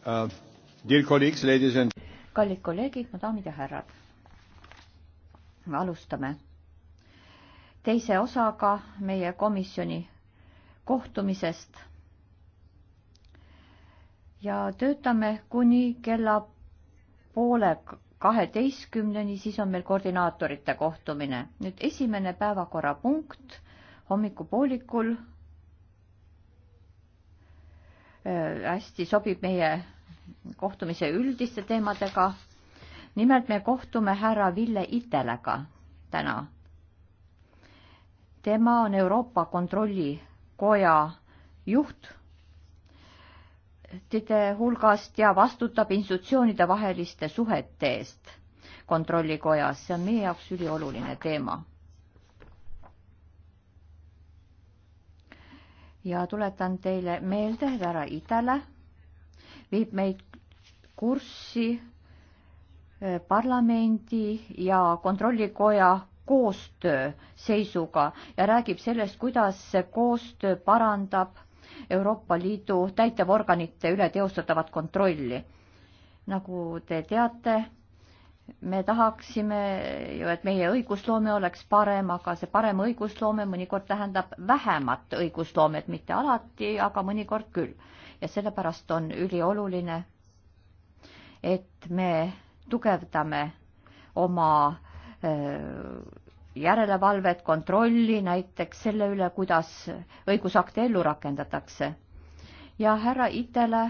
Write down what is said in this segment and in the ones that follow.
Uh, kallid kolleegid, mu daamid ja härrad. me alustame teise osaga meie komisjoni kohtumisest. ja töötame kuni kella poole kaheteistkümneni, siis on meil koordinaatorite kohtumine. nüüd esimene päevakorrapunkt hommikupoolikul äh, hästi sobib meie kohtumise üldiste teemadega. nimelt me kohtume härra Ville Itelega täna. tema on Euroopa Kontrollikoja juht juhtide hulgast ja vastutab institutsioonide vaheliste suhete eest kontrollikojas. see on meie jaoks ülioluline teema ja tuletan teile meelde, et härra Idale viib meid kurssi eh, parlamendi ja kontrollikoja koostöö seisuga ja räägib sellest, kuidas see koostöö parandab Euroopa Liidu täitevorganite üle teostatavat kontrolli. nagu te teate, me tahaksime ju, et meie õigusloome oleks parem, aga see parem õigusloome mõnikord tähendab vähemat õigusloomet, mitte alati, aga mõnikord küll. ja sellepärast on ülioluline, et me tugevdame oma järelevalvet, kontrolli näiteks selle üle, kuidas õigusakte ellu rakendatakse. ja härra Itele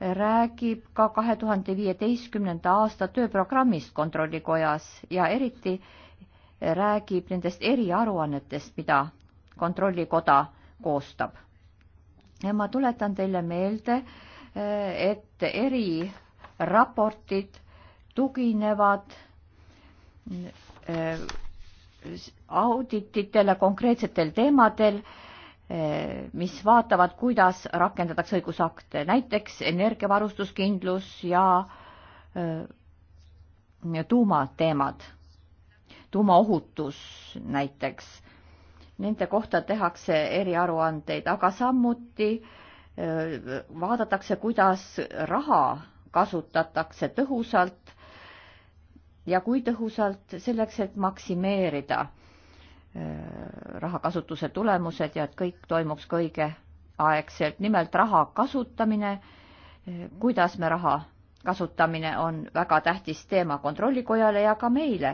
räägib ka kahe tuhande viieteistkümnenda aasta tööprogrammist Kontrollikojas ja eriti räägib nendest eriaruannetest, mida Kontrollikoda koostab. ja ma tuletan teile meelde, et eriraportid tuginevad äh, audititele konkreetsetel teemadel Eh, mis vaatavad, kuidas rakendatakse õigusakte, näiteks energiavarustuskindlus eh, ja tuumateemad, tuumaohutus näiteks. Nende kohta tehakse eriaruandeid, aga samuti eh, vaadatakse, kuidas raha kasutatakse tõhusalt ja kui tõhusalt selleks, et maksimeerida Äh, rahakasutuse tulemused ja et kõik toimuks ka õigeaegselt. nimelt raha kasutamine, äh, kuidas me raha kasutamine on väga tähtis teema Kontrollikojale ja ka meile.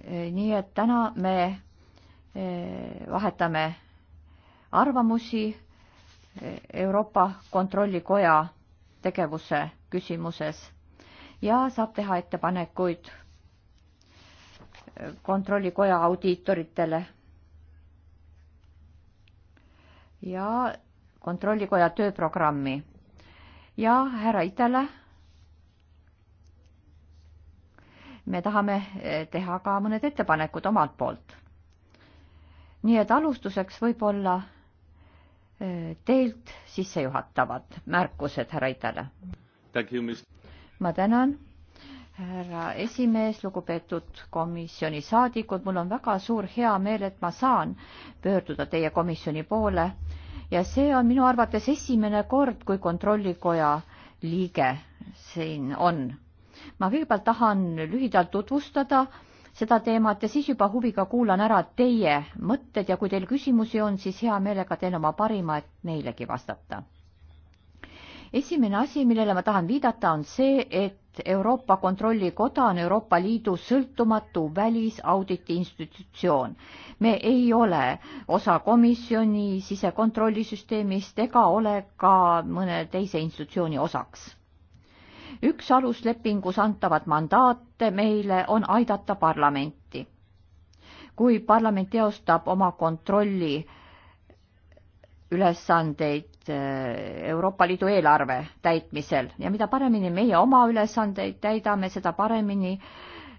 Äh, nii et täna me vahetame arvamusi Euroopa Kontrollikoja tegevuse küsimuses ja saab teha ettepanekuid kontrollikoja audiitoritele. ja kontrollikoja tööprogrammi. ja härra Itale. me tahame eh, teha ka mõned ettepanekud omalt poolt. nii et alustuseks võib-olla eh, teilt sissejuhatavad märkused härra Itale. ma tänan härra esimees, lugupeetud komisjoni saadikud, mul on väga suur hea meel, et ma saan pöörduda teie komisjoni poole ja see on minu arvates esimene kord, kui kontrollikoja liige siin on. ma kõigepealt tahan lühidalt tutvustada seda teemat ja siis juba huviga kuulan ära teie mõtted ja kui teil küsimusi on, siis hea meelega teen oma parima, et neilegi vastata esimene asi, millele ma tahan viidata, on see, et Euroopa Kontrollikoda on Euroopa Liidu sõltumatu välisauditi institutsioon. me ei ole osa komisjoni sisekontrollisüsteemist ega ole ka mõne teise institutsiooni osaks üks aluslepingus antavad mandaate meile on aidata parlamenti. kui parlament teostab oma kontrolli ülesandeid Eh, Euroopa Liidu eelarve täitmisel ja mida paremini meie oma ülesandeid täidame, seda paremini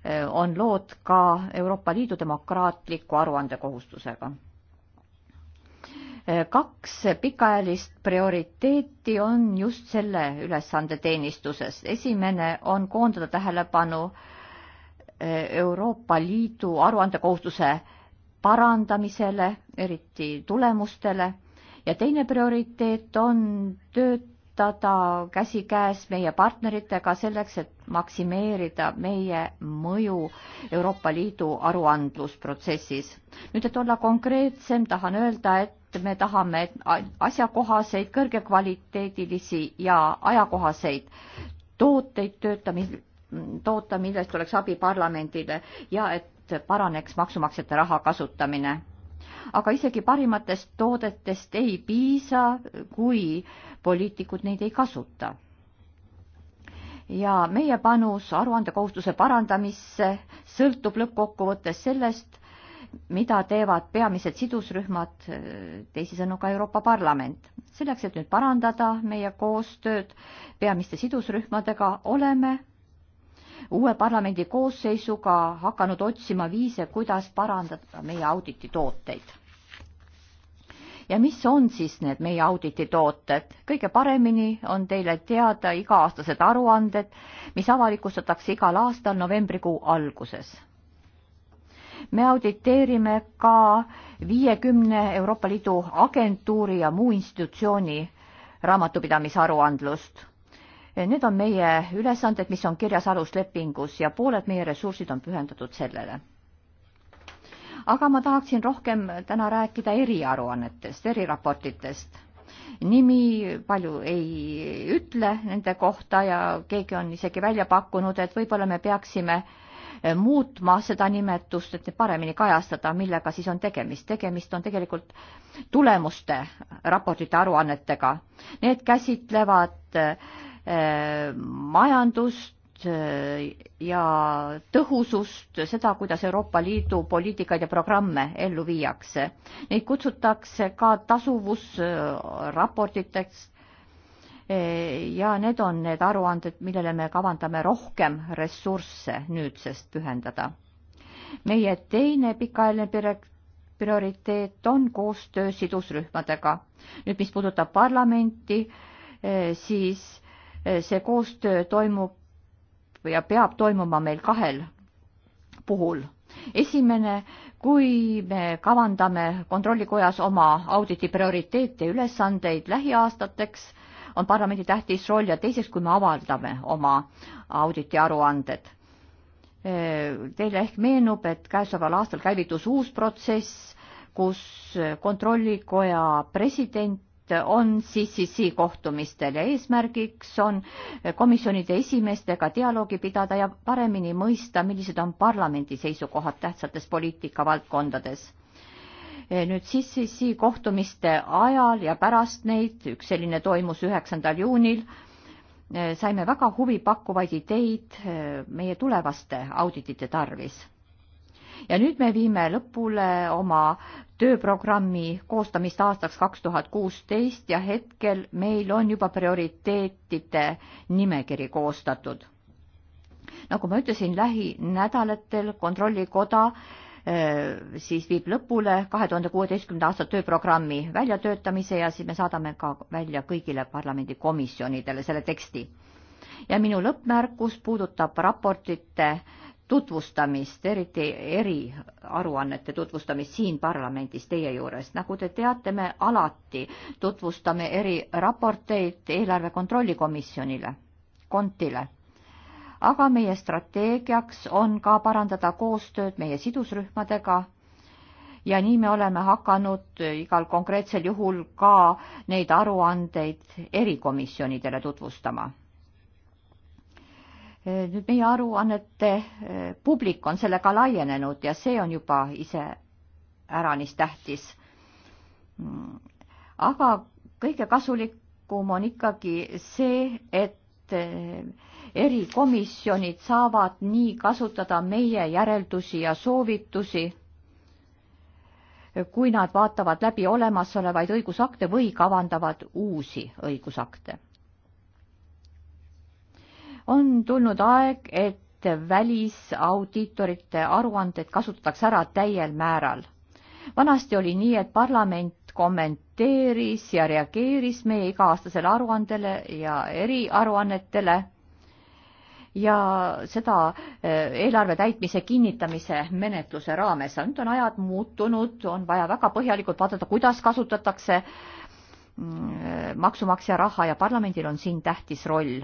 eh, on lood ka Euroopa Liidu demokraatliku aruandekohustusega. Eh, kaks pikaajalist prioriteeti on just selle ülesande teenistuses. esimene on koondada tähelepanu Euroopa Liidu aruandekohustuse parandamisele, eriti tulemustele ja teine prioriteet on töötada käsikäes meie partneritega selleks, et maksimeerida meie mõju Euroopa Liidu aruandlusprotsessis. nüüd, et olla konkreetsem, tahan öelda, et me tahame asjakohaseid, kõrgekvaliteedilisi ja ajakohaseid tooteid töötamis-, toota, millest oleks abi parlamendile ja et paraneks maksumaksjate raha kasutamine aga isegi parimatest toodetest ei piisa, kui poliitikud neid ei kasuta. ja meie panus aruandekohustuse parandamisse sõltub lõppkokkuvõttes sellest, mida teevad peamised sidusrühmad, äh, teisisõnu ka Euroopa Parlament. selleks, et nüüd parandada meie koostööd peamiste sidusrühmadega, oleme uue parlamendi koosseisuga hakanud otsima viise, kuidas parandada meie auditi tooteid ja mis on siis need meie auditi tooted? kõige paremini on teile teada iga-aastased aruanded, mis avalikustatakse igal aastal novembrikuu alguses. me auditeerime ka viiekümne Euroopa Liidu agentuuri ja muu institutsiooni raamatupidamisaruandlust Need on meie ülesanded, mis on kirjas aluslepingus ja pooled meie ressursid on pühendatud sellele aga ma tahaksin rohkem täna rääkida eriaruannetest, eriraportitest. nimi palju ei ütle nende kohta ja keegi on isegi välja pakkunud, et võib-olla me peaksime muutma seda nimetust, et paremini kajastada, millega siis on tegemist. tegemist on tegelikult tulemuste raportite aruannetega. Need käsitlevad äh, majandust, Eh, ja tõhusust, seda, kuidas Euroopa Liidu poliitikaid ja programme ellu viiakse. Neid kutsutakse ka tasuvusraportiteks eh, ja need on need aruanded, millele me kavandame rohkem ressursse nüüdsest pühendada. meie teine pikaajaline prioriteet on koostöö sidusrühmadega. nüüd, mis puudutab parlamenti, eh, siis see koostöö toimub ja peab toimuma meil kahel puhul. esimene, kui me kavandame Kontrollikojas oma auditi prioriteete ja ülesandeid lähiaastateks, on parlamendi tähtis roll ja teiseks, kui me avaldame oma auditi aruanded Teile ehk meenub, et käesoleval aastal käivitus uus protsess, kus kontrollikoja president on CCC kohtumistel ja eesmärgiks on komisjonide esimeestega dialoogi pidada ja paremini mõista, millised on parlamendi seisukohad tähtsates poliitikavaldkondades. nüüd CCC kohtumiste ajal ja pärast neid, üks selline toimus üheksandal juunil, saime väga huvipakkuvaid ideid meie tulevaste auditite tarvis ja nüüd me viime lõpule oma tööprogrammi koostamist aastaks kaks tuhat kuusteist ja hetkel meil on juba prioriteetide nimekiri koostatud. nagu ma ütlesin, lähinädalatel Kontrollikoda eh, siis viib lõpule kahe tuhande kuueteistkümnenda aasta tööprogrammi väljatöötamise ja siis me saadame ka välja kõigile parlamendikomisjonidele selle teksti. ja minu lõppmärkus puudutab raportite äh, tutvustamist, eriti eriaruannete tutvustamist siin parlamendis teie juures. nagu te teate, me alati tutvustame eriraporteid eelarve kontrolli komisjonile, kontile. aga meie strateegiaks on ka parandada koostööd meie sidusrühmadega ja nii me oleme hakanud igal konkreetsel juhul ka neid aruandeid erikomisjonidele tutvustama Äh, nüüd meie aruannete äh, publik on sellega laienenud ja see on juba ise äranis tähtis. Mm, aga kõige kasulikum on ikkagi see, et äh, erikomisjonid saavad nii kasutada meie järeldusi ja soovitusi, kui nad vaatavad läbi olemasolevaid õigusakte või kavandavad uusi õigusakte on tulnud aeg, et välisaudiitorite aruanded kasutatakse ära täiel määral. vanasti oli nii, et parlament kommenteeris ja reageeris meie iga-aastasele aruandele ja eriaruannetele ja seda eh, eelarve täitmise kinnitamise menetluse raames. nüüd on ajad muutunud, on vaja väga põhjalikult vaadata, kuidas kasutatakse mm, maksumaksja raha ja parlamendil on siin tähtis roll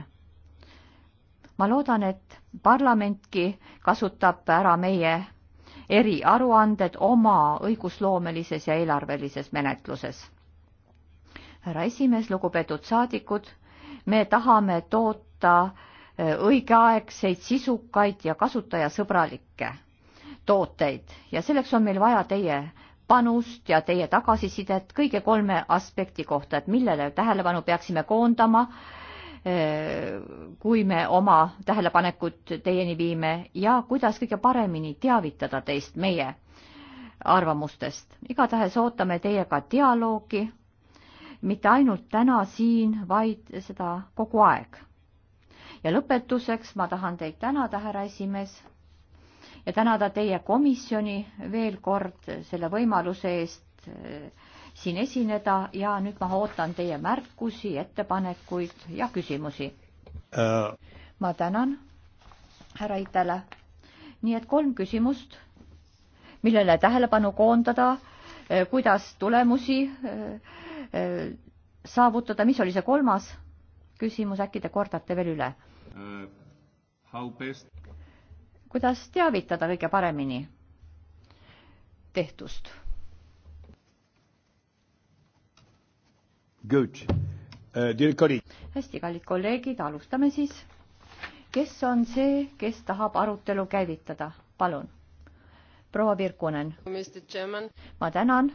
ma loodan, et parlamentki kasutab ära meie eriaruanded oma õigusloomelises ja eelarvelises menetluses. härra esimees, lugupeetud saadikud, me tahame toota eh, õigeaegseid, sisukaid ja kasutajasõbralikke tooteid ja selleks on meil vaja teie panust ja teie tagasisidet kõige kolme aspekti kohta, et millele tähelepanu peaksime koondama äh, Äh, kui me oma tähelepanekud teieni viime ja kuidas kõige paremini teavitada teist meie arvamustest. igatahes ootame teiega dialoogi, mitte ainult täna siin, vaid seda kogu aeg. ja lõpetuseks ma tahan teid tänada, härra esimees, ja tänada teie komisjoni veel kord selle võimaluse eest äh, siin esineda ja nüüd ma ootan teie märkusi, ettepanekuid ja küsimusi äh.. ma tänan härra Itele. nii et kolm küsimust, millele tähelepanu koondada, äh, kuidas tulemusi äh, äh, saavutada, mis oli see kolmas küsimus, äkki te kordate veel üle äh,? kuidas teavitada kõige paremini tehtust? Uh, hästi, kallid kolleegid, alustame siis. kes on see, kes tahab arutelu käivitada, palun? proua Virkunen. ma tänan.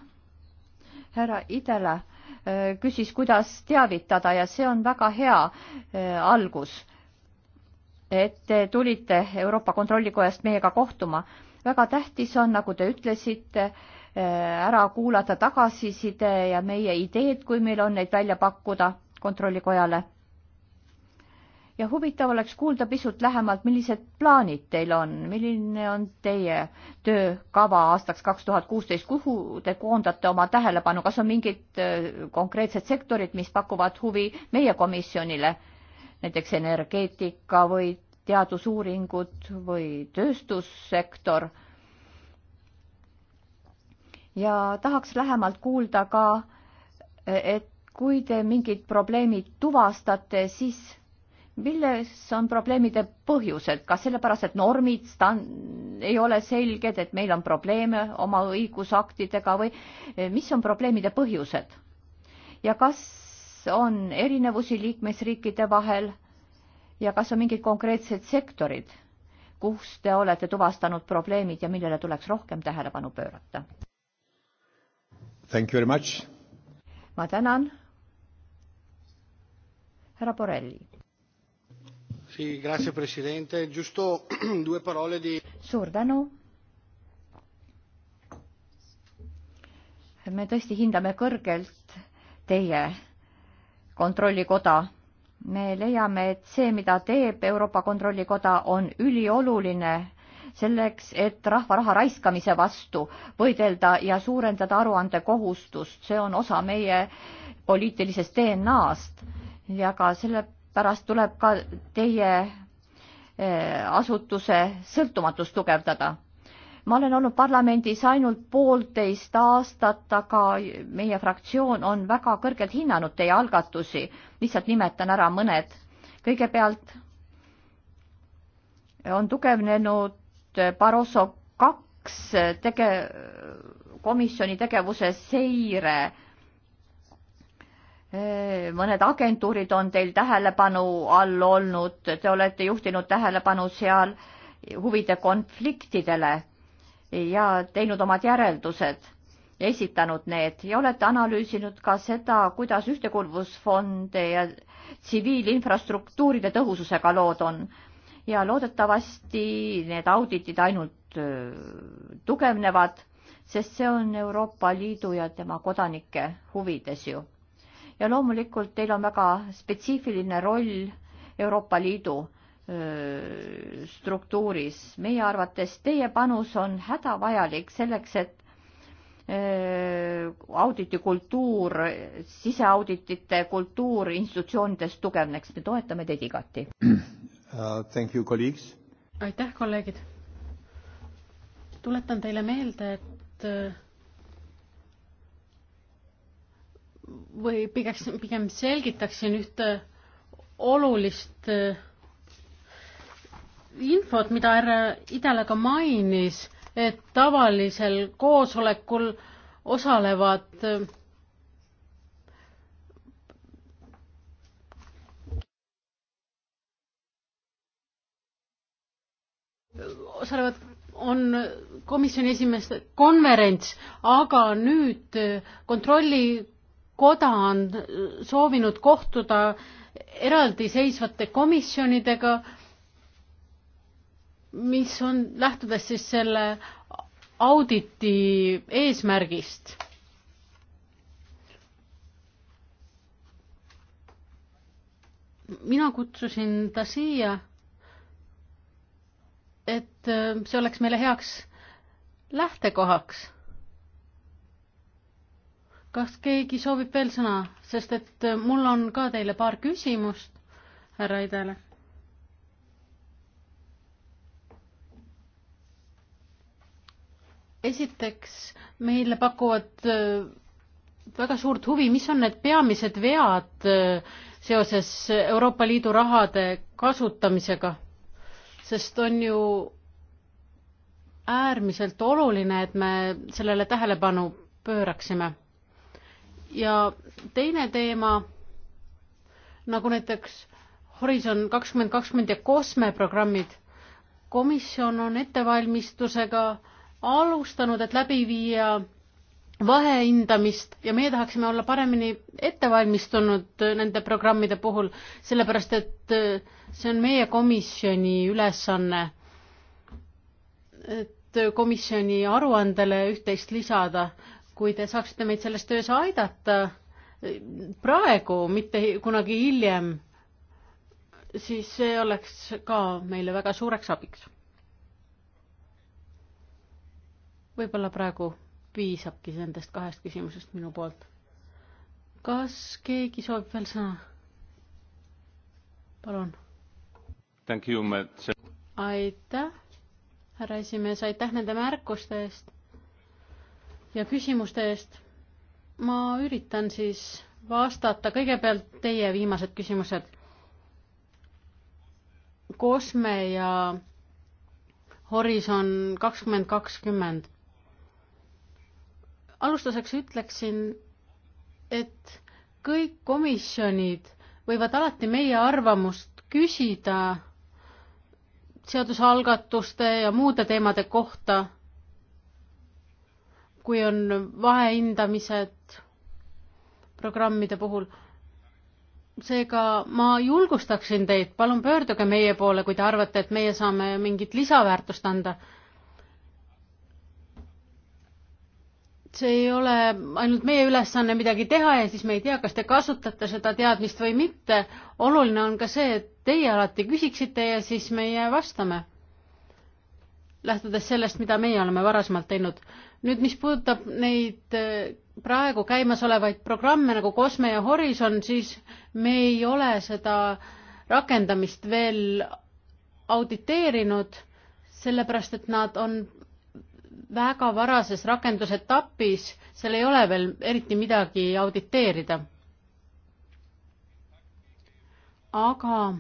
härra Idela äh, küsis, kuidas teavitada ja see on väga hea äh, algus, et te tulite Euroopa Kontrollikojast meiega kohtuma. väga tähtis on, nagu te ütlesite Äh, ära kuulata tagasiside ja meie ideed, kui meil on neid välja pakkuda kontrollikojale. ja huvitav oleks kuulda pisut lähemalt, millised plaanid teil on, milline on teie töökava aastaks kaks tuhat kuusteist, kuhu te koondate oma tähelepanu, kas on mingid äh, konkreetsed sektorid, mis pakuvad huvi meie komisjonile, näiteks energeetika või teadusuuringud või tööstussektor ja tahaks lähemalt kuulda ka, et kui te mingid probleemid tuvastate, siis milles on probleemide põhjused, kas sellepärast, et normid stan-, ei ole selged, et meil on probleeme oma õigusaktidega või eh, mis on probleemide põhjused? ja kas on erinevusi liikmesriikide vahel ja kas on mingid konkreetsed sektorid, kus te olete tuvastanud probleemid ja millele tuleks rohkem tähelepanu pöörata? Thank you very much. ma tänan. härra Borrelli. Sì, grazie Presidente. Giusto due parole di... Suur tänu. me tõesti hindame kõrgelt teie kontrollikoda. me leiame, et see, mida teeb Euroopa Kontrollikoda, on ülioluline selleks, et rahva raha raiskamise vastu võidelda ja suurendada aruandekohustust, see on osa meie poliitilisest DNA-st ja ka sellepärast tuleb ka teie eh, asutuse sõltumatust tugevdada. ma olen olnud parlamendis ainult poolteist aastat, aga meie fraktsioon on väga kõrgelt hinnanud teie algatusi, lihtsalt nimetan ära mõned. kõigepealt on tugevnenud Barroso kaks tege-, komisjoni tegevuse seire. mõned agentuurid on teil tähelepanu all olnud, te olete juhtinud tähelepanu seal huvide konfliktidele ja teinud omad järeldused, esitanud need ja olete analüüsinud ka seda, kuidas ühtekuuluvusfonde ja tsiviilinfrastruktuuride tõhususega lood on ja loodetavasti need auditid ainult tugevnevad, sest see on Euroopa Liidu ja tema kodanike huvides ju. ja loomulikult teil on väga spetsiifiline roll Euroopa Liidu struktuuris. meie arvates teie panus on hädavajalik selleks, et auditikultuur, siseauditite kultuur institutsioonides tugevneks. me toetame teid igati. uh,. Thank you, colleagues. aitäh, kolleegid. tuletan teile meelde, et uh, või pigem, pigem selgitaksin ühte olulist uh, infot, mida härra Idala ka mainis, et tavalisel koosolekul osalevad uh, osalevad, on komisjoni esimeeste konverents, aga nüüd kontrollikoda on soovinud kohtuda eraldiseisvate komisjonidega, mis on, lähtudes siis selle auditi eesmärgist mina kutsusin ta siia et äh, see oleks meile heaks lähtekohaks. kas keegi soovib veel sõna, sest et äh, mul on ka teile paar küsimust härra Idele esiteks meile pakuvad äh, väga suurt huvi, mis on need peamised vead seoses Euroopa Liidu rahade kasutamisega? sest on ju äärmiselt oluline, et me sellele tähelepanu pööraksime. ja teine teema, nagu näiteks Horisont kakskümmend kakskümmend ja COSME programmid, komisjon on ettevalmistusega alustanud, et läbi viia vahehindamist ja meie tahaksime olla paremini ettevalmistunud nende programmide puhul, sellepärast et äh, see on meie komisjoni ülesanne, et komisjoni aruandele üht-teist lisada. kui te saaksite meid selles töös aidata äh, praegu, mitte kunagi hiljem, siis see oleks ka meile väga suureks abiks. võib-olla praegu piisabki nendest kahest küsimusest minu poolt. kas keegi soovib veel sõna? palun. aitäh, härra esimees, aitäh nende märkuste eest ja küsimuste eest. ma üritan siis vastata kõigepealt teie viimased küsimused. Kosme ja Horizon kakskümmend kakskümmend alustuseks ütleksin, et kõik komisjonid võivad alati meie arvamust küsida seadusalgatuste ja muude teemade kohta, kui on vahehindamised programmide puhul. seega ma julgustaksin teid, palun pöörduge meie poole, kui te arvate, et meie saame mingit lisaväärtust anda see ei ole ainult meie ülesanne midagi teha ja siis me ei tea, kas te kasutate seda teadmist või mitte. oluline on ka see, et teie alati küsiksite ja siis meie vastame. lähtudes sellest, mida meie oleme varasemalt teinud. nüüd, mis puudutab neid äh, praegu käimasolevaid programme nagu Kosme ja Horizon, siis me ei ole seda rakendamist veel auditeerinud, sellepärast et nad on väga varases rakendusetapis, seal ei ole veel eriti midagi auditeerida. aga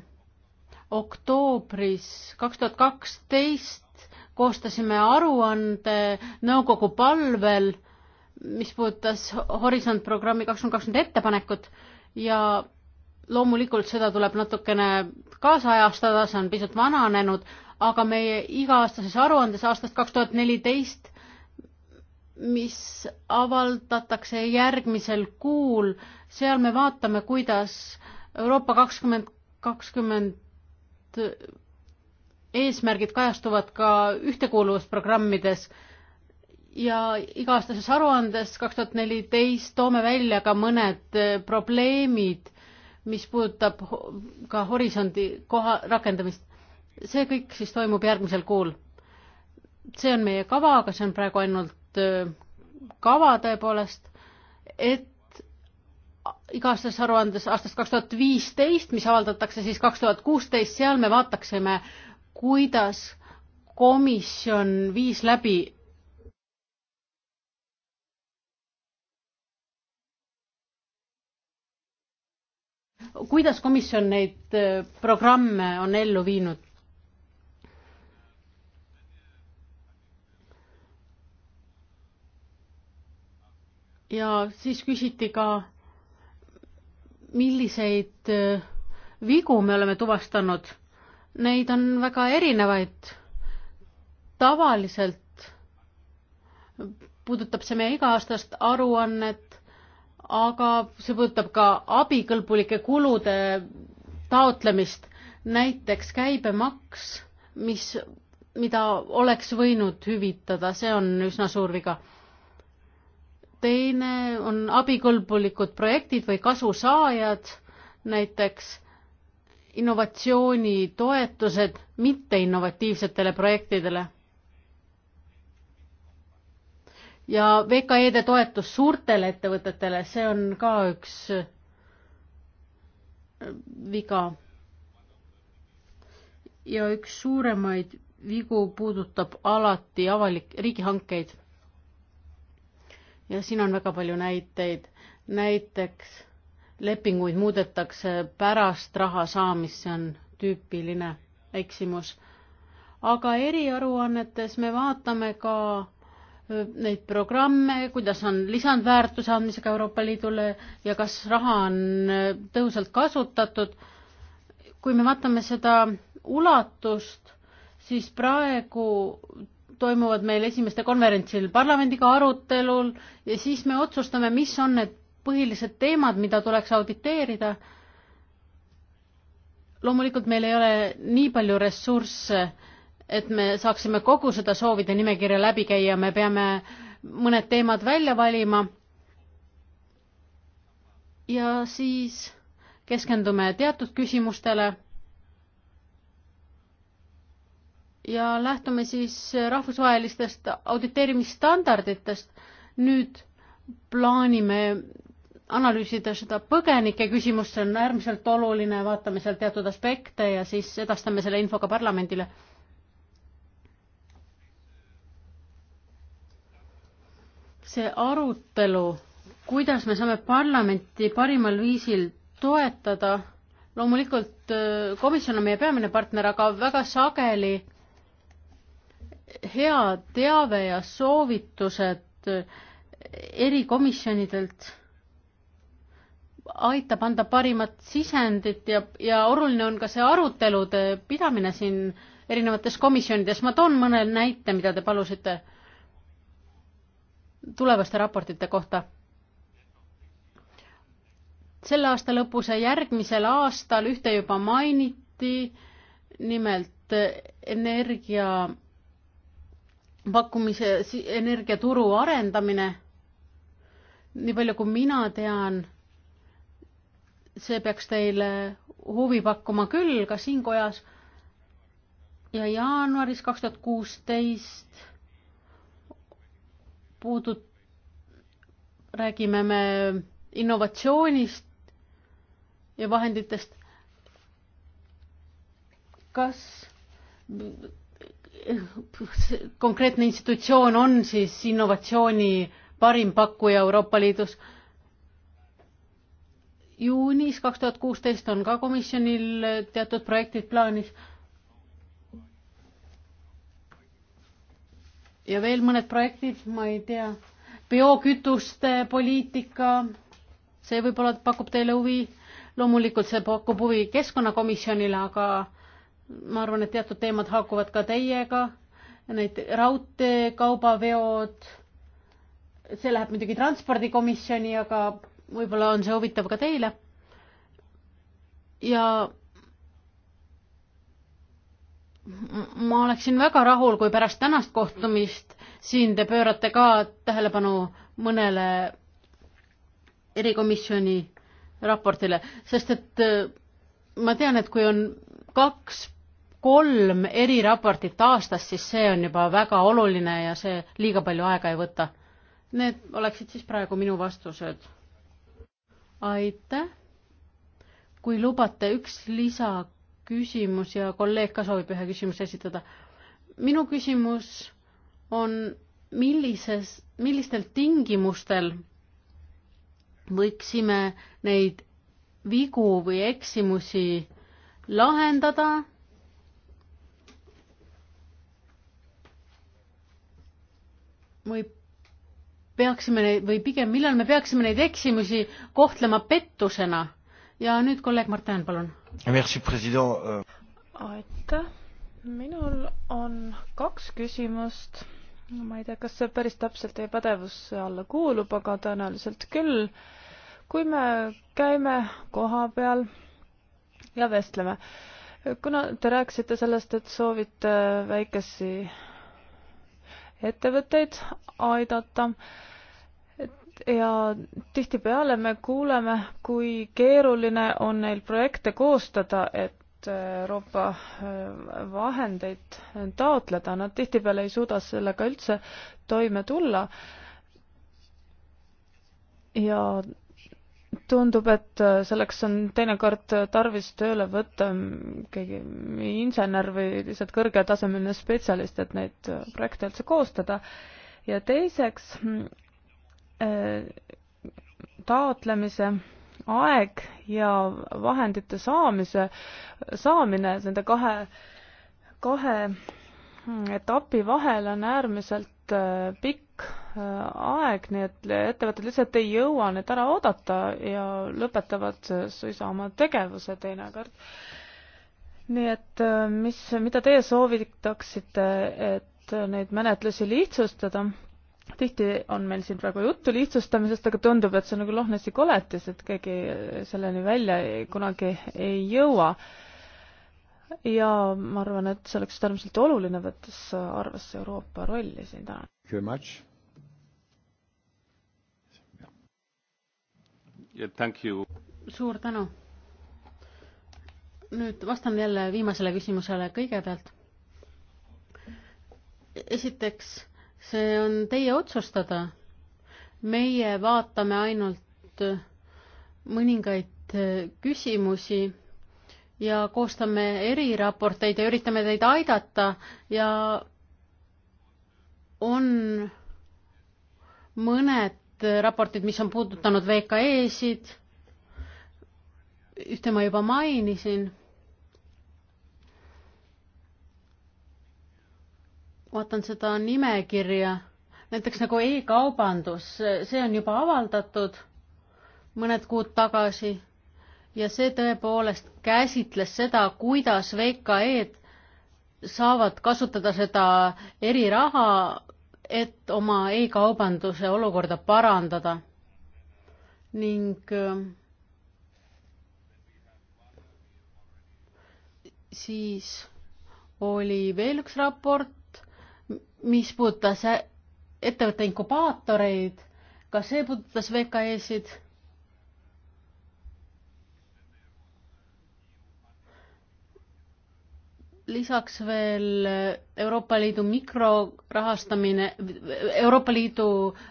oktoobris kaks tuhat kaksteist koostasime aruande nõukogu palvel, mis puudutas Horisont programmi kakskümmend kakskümmend ettepanekut ja loomulikult seda tuleb natukene kaasajastada, see on pisut vananenud, aga meie iga-aastases aruandes aastast kaks tuhat neliteist, mis avaldatakse järgmisel kuul, seal me vaatame, kuidas Euroopa kakskümmend kakskümmend eesmärgid kajastuvad ka ühtekuuluvusprogrammides ja iga-aastases aruandes kaks tuhat neliteist toome välja ka mõned probleemid, mis puudutab ka horisondi koha rakendamist see kõik siis toimub järgmisel kuul. see on meie kava, aga see on praegu ainult kava tõepoolest, et iga-aastases aruandes aastast kaks tuhat viisteist, mis avaldatakse siis kaks tuhat kuusteist, seal me vaataksime, kuidas komisjon viis läbi kuidas komisjon neid programme on ellu viinud? ja siis küsiti ka, milliseid äh, vigu me oleme tuvastanud. Neid on väga erinevaid. tavaliselt puudutab see meie iga-aastast aruannet, aga see puudutab ka abikõlbulike kulude taotlemist, näiteks käibemaks, mis, mida oleks võinud hüvitada, see on üsna suur viga teine on abikõlbulikud projektid või kasusaajad, näiteks innovatsioonitoetused mitteinnovatiivsetele projektidele. ja VKE-de toetus suurtele ettevõtetele, see on ka üks äh, viga. ja üks suuremaid vigu puudutab alati avalik, riigihankeid ja siin on väga palju näiteid, näiteks lepinguid muudetakse pärast raha saamist, see on tüüpiline eksimus. aga eriaruannetes me vaatame ka neid programme, kuidas on lisandväärtuse andmisega Euroopa Liidule ja kas raha on tõhusalt kasutatud. kui me vaatame seda ulatust, siis praegu toimuvad meil esimeste konverentsil parlamendiga arutelul ja siis me otsustame, mis on need põhilised teemad, mida tuleks auditeerida. loomulikult meil ei ole nii palju ressursse, et me saaksime kogu seda soovide nimekirja läbi käia, me peame mõned teemad välja valima. ja siis keskendume teatud küsimustele ja lähtume siis rahvusvahelistest auditeerimisstandarditest. nüüd plaanime analüüsida seda põgenike küsimust, see on äärmiselt oluline, vaatame seal teatud aspekte ja siis edastame selle info ka parlamendile. see arutelu, kuidas me saame parlamenti parimal viisil toetada, loomulikult äh, komisjon on meie peamine partner, aga väga sageli hea teave ja soovitused erikomisjonidelt aitab anda parimat sisendit ja, ja oluline on ka see arutelude pidamine siin erinevates komisjonides. ma toon mõne näite, mida te palusite tulevaste raportite kohta. selle aasta lõpus ja järgmisel aastal ühte juba mainiti, nimelt energia pakkumise, energiaturu arendamine. nii palju, kui mina tean, see peaks teile huvi pakkuma küll ka siin kojas. ja jaanuaris kaks tuhat kuusteist puudut-, räägime me innovatsioonist ja vahenditest. kas konkreetne institutsioon on siis innovatsiooni parim pakkuja Euroopa Liidus. juunis kaks tuhat kuusteist on ka komisjonil teatud projektid plaanis. ja veel mõned projektid, ma ei tea, biokütuste poliitika, see võib-olla pakub teile huvi, loomulikult see pakub huvi keskkonnakomisjonile, aga ma arvan, et teatud teemad haakuvad ka teiega, neid raudteekaubaveod, see läheb muidugi transpordikomisjoni, aga võib-olla on see huvitav ka teile. ja ma oleksin väga rahul, kui pärast tänast kohtumist siin te pöörate ka tähelepanu mõnele erikomisjoni raportile, sest et äh, ma tean, et kui on kaks kolm eriraportit aastas, siis see on juba väga oluline ja see liiga palju aega ei võta. Need oleksid siis praegu minu vastused. aitäh. kui lubate, üks lisaküsimus ja kolleeg ka soovib ühe küsimuse esitada. minu küsimus on, millises, millistel tingimustel võiksime neid vigu või eksimusi lahendada või peaksime neid või pigem, millal me peaksime neid eksimusi kohtlema pettusena? ja nüüd kolleeg Martin, palun. aitäh, minul on kaks küsimust. ma ei tea, kas see päris täpselt teie pädevusse alla kuulub, aga tõenäoliselt küll. kui me käime koha peal ja vestleme, kuna te rääkisite sellest, et soovite väikesi ettevõtteid aidata. ja tihtipeale me kuuleme, kui keeruline on neil projekte koostada, et Euroopa äh, vahendeid taotleda, nad tihtipeale ei suuda sellega üldse toime tulla. ja tundub, et äh, selleks on teinekord tarvis tööle võtta mm, keegi insener või lihtsalt kõrgetasemeline spetsialist, et neid äh, projekte üldse koostada. ja teiseks, mm, äh, taotlemise aeg ja vahendite saamise, saamine nende kahe, kahe mm, etapi vahel on äärmiselt pikk pikk äh, aeg, nii et ettevõtted lihtsalt ei jõua need ära oodata ja lõpetavad suisa oma tegevuse teinekord. nii et äh, mis, mida teie soovitaksite, et neid menetlusi lihtsustada? tihti on meil siin praegu juttu lihtsustamisest, aga tundub, et see on nagu Lohnesi koletis, et keegi selleni välja ei, kunagi ei jõua ja ma arvan, et see oleks äärmiselt oluline, võttes arvesse Euroopa rolli siin täna you very much. Yeah, thank you. suur tänu. nüüd vastan jälle viimasele küsimusele kõigepealt. esiteks, see on teie otsustada. meie vaatame ainult mõningaid küsimusi ja koostame eriraporteid ja üritame teid aidata ja on mõned raportid, mis on puudutanud VKE-sid, ühte ma juba mainisin. vaatan seda nimekirja, näiteks nagu e-kaubandus, see on juba avaldatud mõned kuud tagasi ja see tõepoolest käsitles seda, kuidas VKE-d saavad kasutada seda eriraha et oma e-kaubanduse olukorda parandada ning äh, siis oli veel üks raport, mis puudutas äh, ettevõtte inkubaatoreid, ka see puudutas VKE-sid lisaks veel Euroopa Liidu mikrorahastamine, Euroopa Liidu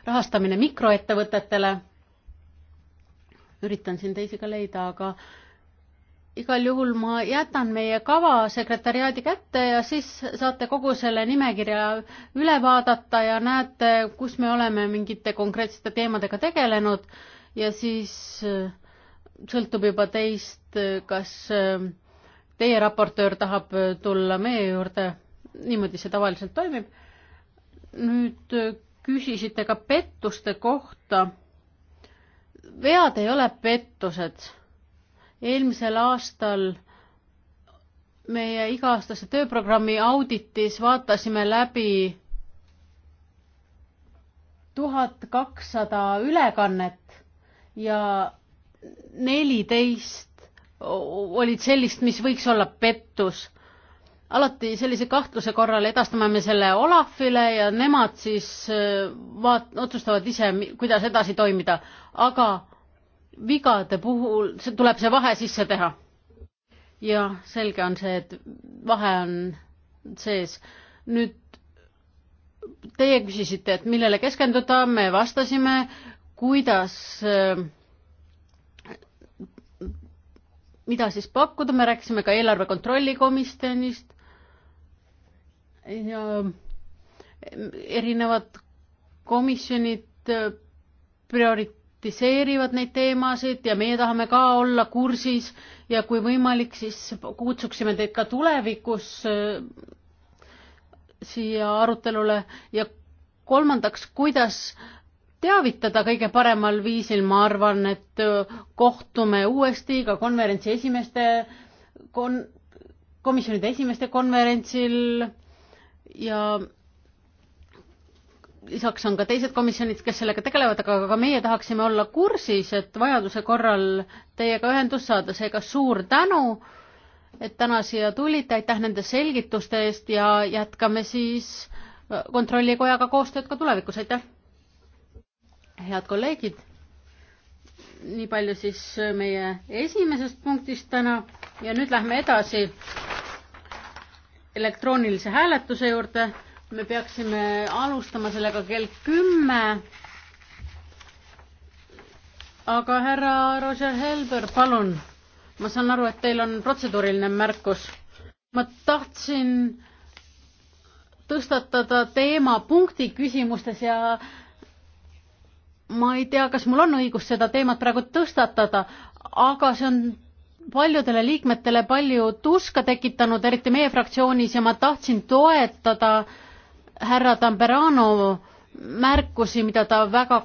rahastamine mikroettevõtetele. üritan siin teisi ka leida, aga igal juhul ma jätan meie kava sekretäriaadi kätte ja siis saate kogu selle nimekirja üle vaadata ja näete, kus me oleme mingite konkreetsete teemadega tegelenud ja siis sõltub juba teist, kas äh, teie raportöör tahab äh, tulla meie juurde, niimoodi see tavaliselt toimib. nüüd äh, küsisite ka pettuste kohta. vead ei ole pettused. eelmisel aastal meie iga-aastase tööprogrammi auditis vaatasime läbi tuhat kakssada ülekannet ja neliteist olid sellist, mis võiks olla pettus. alati sellise kahtluse korral edastame me selle Olafile ja nemad siis äh, vaat-, otsustavad ise, kuidas edasi toimida, aga vigade puhul see, tuleb see vahe sisse teha. ja selge on see, et vahe on sees. nüüd teie küsisite, et millele keskenduda, me vastasime, kuidas äh, mida siis pakkuda, me rääkisime ka eelarve kontrolli komisjonist ja erinevad komisjonid äh, prioritiseerivad neid teemasid ja meie tahame ka olla kursis ja kui võimalik, siis kutsuksime teid ka tulevikus äh, siia arutelule ja kolmandaks, kuidas teavitada kõige paremal viisil, ma arvan, et äh, kohtume uuesti ka konverentsi esimeste kon-, komisjonide esimeste konverentsil ja lisaks on ka teised komisjonid, kes sellega tegelevad, aga ka meie tahaksime olla kursis, et vajaduse korral teiega ühendust saada, seega suur tänu, et täna siia tulite, aitäh nende selgituste eest ja jätkame siis äh, kontrollikojaga koostööd ka tulevikus, aitäh! head kolleegid, nii palju siis meie esimesest punktist täna ja nüüd lähme edasi elektroonilise hääletuse juurde. me peaksime alustama sellega kell kümme. aga härra Roger Helber, palun, ma saan aru, et teil on protseduuriline märkus. ma tahtsin tõstatada teema punkti küsimustes ja äh, ma ei tea, kas mul on õigus seda teemat praegu tõstatada, aga see on paljudele liikmetele palju tuska tekitanud, eriti meie fraktsioonis ja ma tahtsin toetada härra Tamperano märkusi, mida ta väga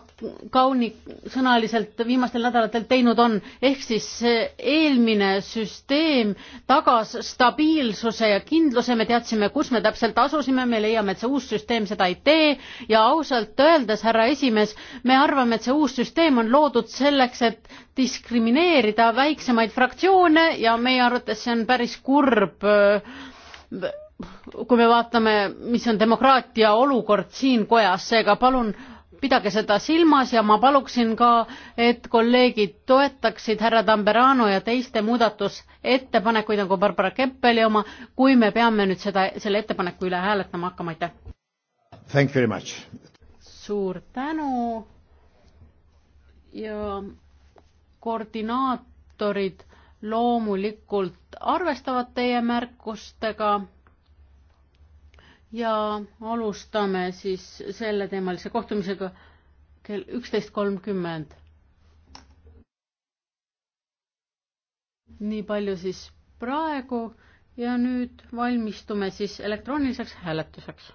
kaunisõnaliselt viimastel nädalatel teinud on, ehk siis eelmine süsteem tagas stabiilsuse ja kindluse, me teadsime, kus me täpselt asusime, me leiame, et see uus süsteem seda ei tee ja ausalt öeldes, härra esimees, me arvame, et see uus süsteem on loodud selleks, et diskrimineerida väiksemaid fraktsioone ja meie arvates see on päris kurb äh, kui me vaatame, mis on demokraatia olukord siin kojas, seega palun pidage seda silmas ja ma paluksin ka, et kolleegid toetaksid härra Tamberano ja teiste muudatusettepanekuid nagu Barbara Keppeli oma, kui me peame nüüd seda, selle ettepaneku üle hääletama hakkama, aitäh! suur tänu ja koordinaatorid loomulikult arvestavad teie märkustega ja alustame siis selleteemalise kohtumisega kell üksteist kolmkümmend. nii palju siis praegu ja nüüd valmistume siis elektrooniliseks hääletuseks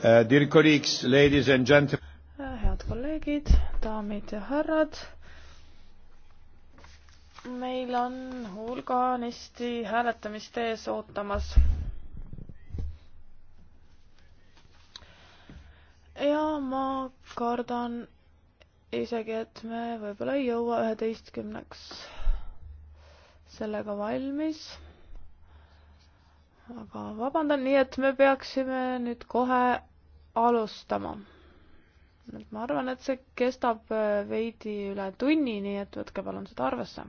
Uh, dear colleagues, ladies and gentlemen. Uh, head kolleegid, daamid ja härrad. meil on hulganisti hääletamist ees ootamas. ja ma kardan isegi, et me võib-olla ei jõua üheteistkümneks sellega valmis aga vabandan, nii et me peaksime nüüd kohe alustama. et ma arvan, et see kestab eh, veidi üle tunni, nii et võtke palun seda arvesse.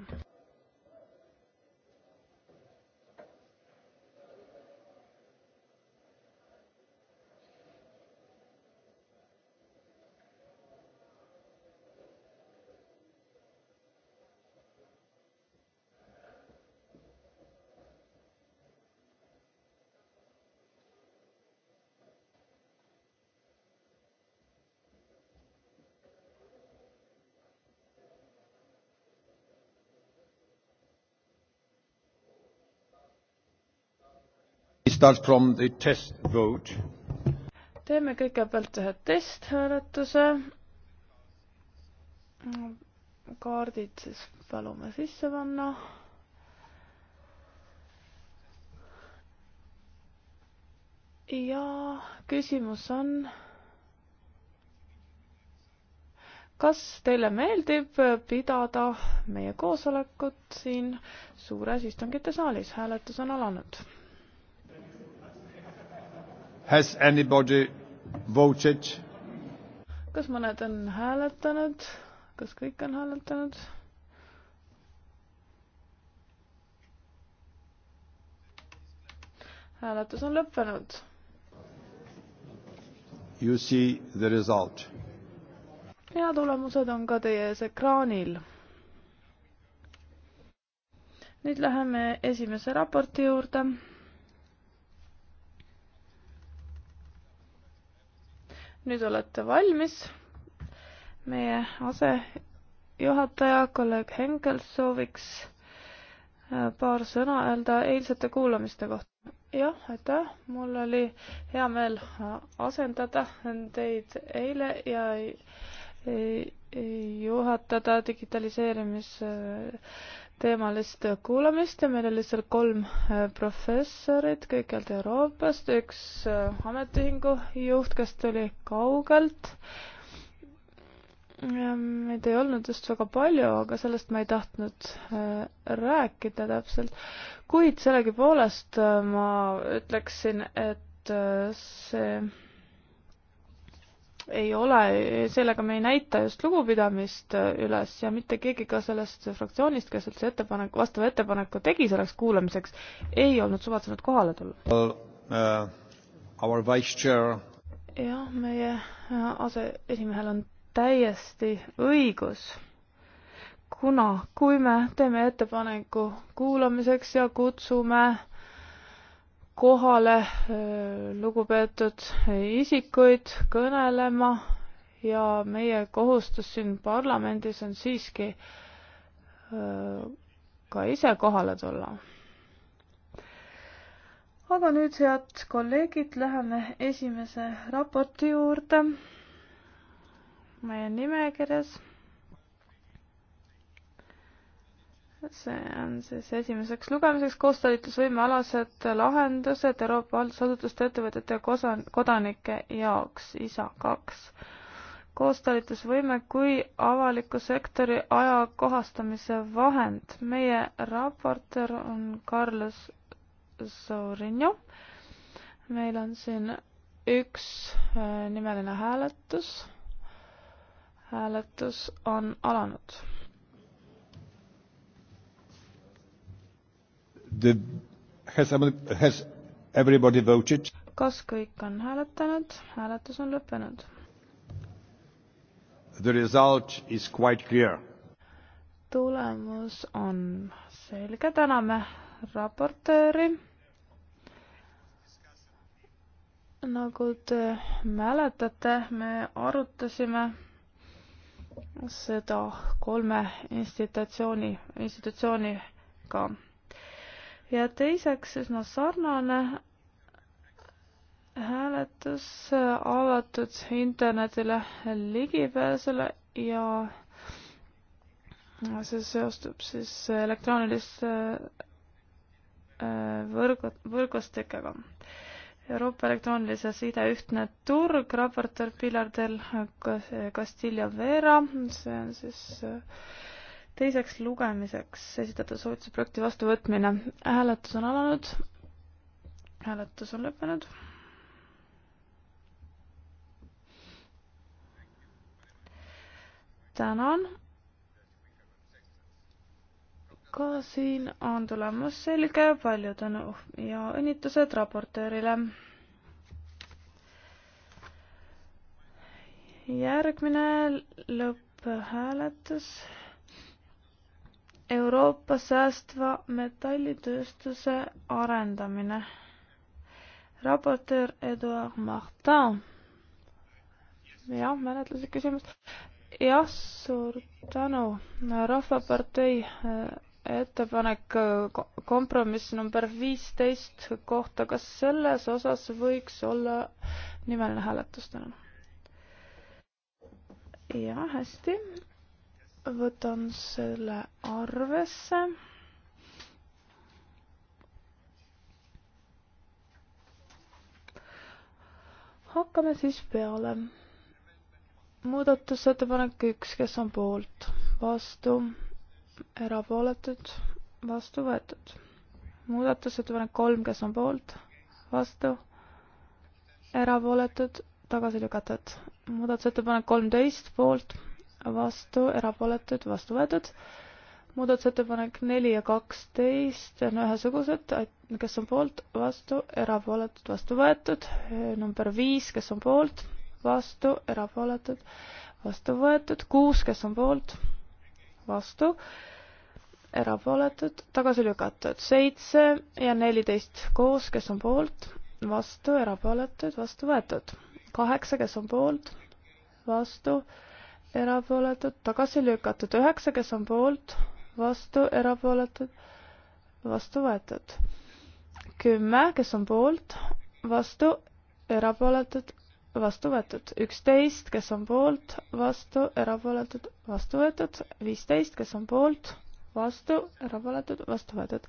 teeme kõigepealt ühe testhääletuse. kaardid siis palume sisse panna. ja küsimus on kas teile meeldib pidada meie koosolekut siin suures istungite saalis? hääletus on alanud Has anybody voted? kas mõned on hääletanud, kas kõik on hääletanud? hääletus on lõppenud. You see the result. ja tulemused on ka teie ees ekraanil. nüüd läheme esimese raporti juurde nüüd olete valmis. meie asejuhataja, kolleeg Henkel sooviks äh, paar sõna öelda eilsete kuulamiste kohta. jah, aitäh, mul oli hea meel äh, asendada teid eile ja juhatada digitaliseerimise äh, teemalist kuulamist ja meil oli seal kolm äh, professorit kõikjalt Euroopast, üks äh, ametiühingu juht, kes tuli kaugelt. meid ei olnud just väga palju, aga sellest ma ei tahtnud rääkida täpselt, kuid sellegipoolest ma ütleksin, et see ei ole, sellega me ei näita just lugupidamist äh, üles ja mitte keegi ka sellest fraktsioonist, kes üldse ettepaneku, vastava ettepaneku tegi selleks kuulamiseks, ei olnud suvatsenud kohale tulla well,. Uh, jah, meie äh, aseesimehel on täiesti õigus. kuna, kui me teeme ettepaneku kuulamiseks ja kutsume kohale lugupeetud isikuid kõnelema ja meie kohustus siin parlamendis on siiski ka ise kohale tulla. aga nüüd, head kolleegid, läheme esimese raporti juurde meie nimekirjas see on siis esimeseks lugemiseks koostalitlusvõimealased lahendused Euroopa haldusasutuste ettevõtete ja kosa, kodanike jaoks, ISA kaks. koostalitlusvõime kui avaliku sektori ajakohastamise vahend. meie raportöör on Carlos Sorinio. meil on siin üks äh, nimeline hääletus. hääletus on alanud The, has, has everybody voted? kas kõik on hääletanud? hääletus on lõppenud. The result is quite clear. tulemus on selge, täname raportööri. nagu te mäletate, me arutasime seda kolme institutsiooni, institutsiooniga ja teiseks üsna sarnane hääletus äh, avatud internetile ligipääsule ja see seostub siis elektrooniliste äh, võrgu, võrgustikega. Euroopa elektroonilise side ühtne turg, raportöör Pilar del Castillo Vera, see on siis äh, teiseks lugemiseks esitatud soovituse projekti vastuvõtmine. hääletus on alanud. hääletus on lõppenud. tänan. ka siin on tulemus selge, palju tänu uh, ja õnnitlused raportöörile. järgmine lõpphääletus Euroopa säästva metallitööstuse arendamine. raportöör Eduard Martin. jah, menetluslik küsimus. jah, suur tänu. rahvapartei äh, ettepanek äh, kompromiss number viisteist kohta, kas selles osas võiks olla nimeline hääletus täna? jah, hästi, võtan selle arvesse. hakkame siis peale. muudatusettepanek üks, kes on poolt, vastu, erapooletud, vastu võetud. muudatusettepanek kolm, kes on poolt, vastu, erapooletud, tagasi lükatud. muudatusettepanek kolmteist, poolt vastu, erapooletud, vastu võetud. muudatusettepanek neli ja kaksteist on ühesugused, kes on poolt, vastu, erapooletud, vastu võetud. number viis, kes on poolt, vastu, erapooletud, vastu võetud. kuus, kes on poolt, vastu erapooletud, tagasi lükatud, seitse ja neliteist koos, kes on poolt, vastu, erapooletud, vastu võetud. kaheksa, kes on poolt, vastu, erapooletud, tagasi lükatud, üheksa, kes on poolt, vastu, erapooletud, vastu võetud. kümme, kes on poolt, vastu, erapooletud, vastu võetud. üksteist, kes on poolt, vastu, erapooletud, vastu võetud. viisteist, kes on poolt, vastu, erapooletud, vastu võetud.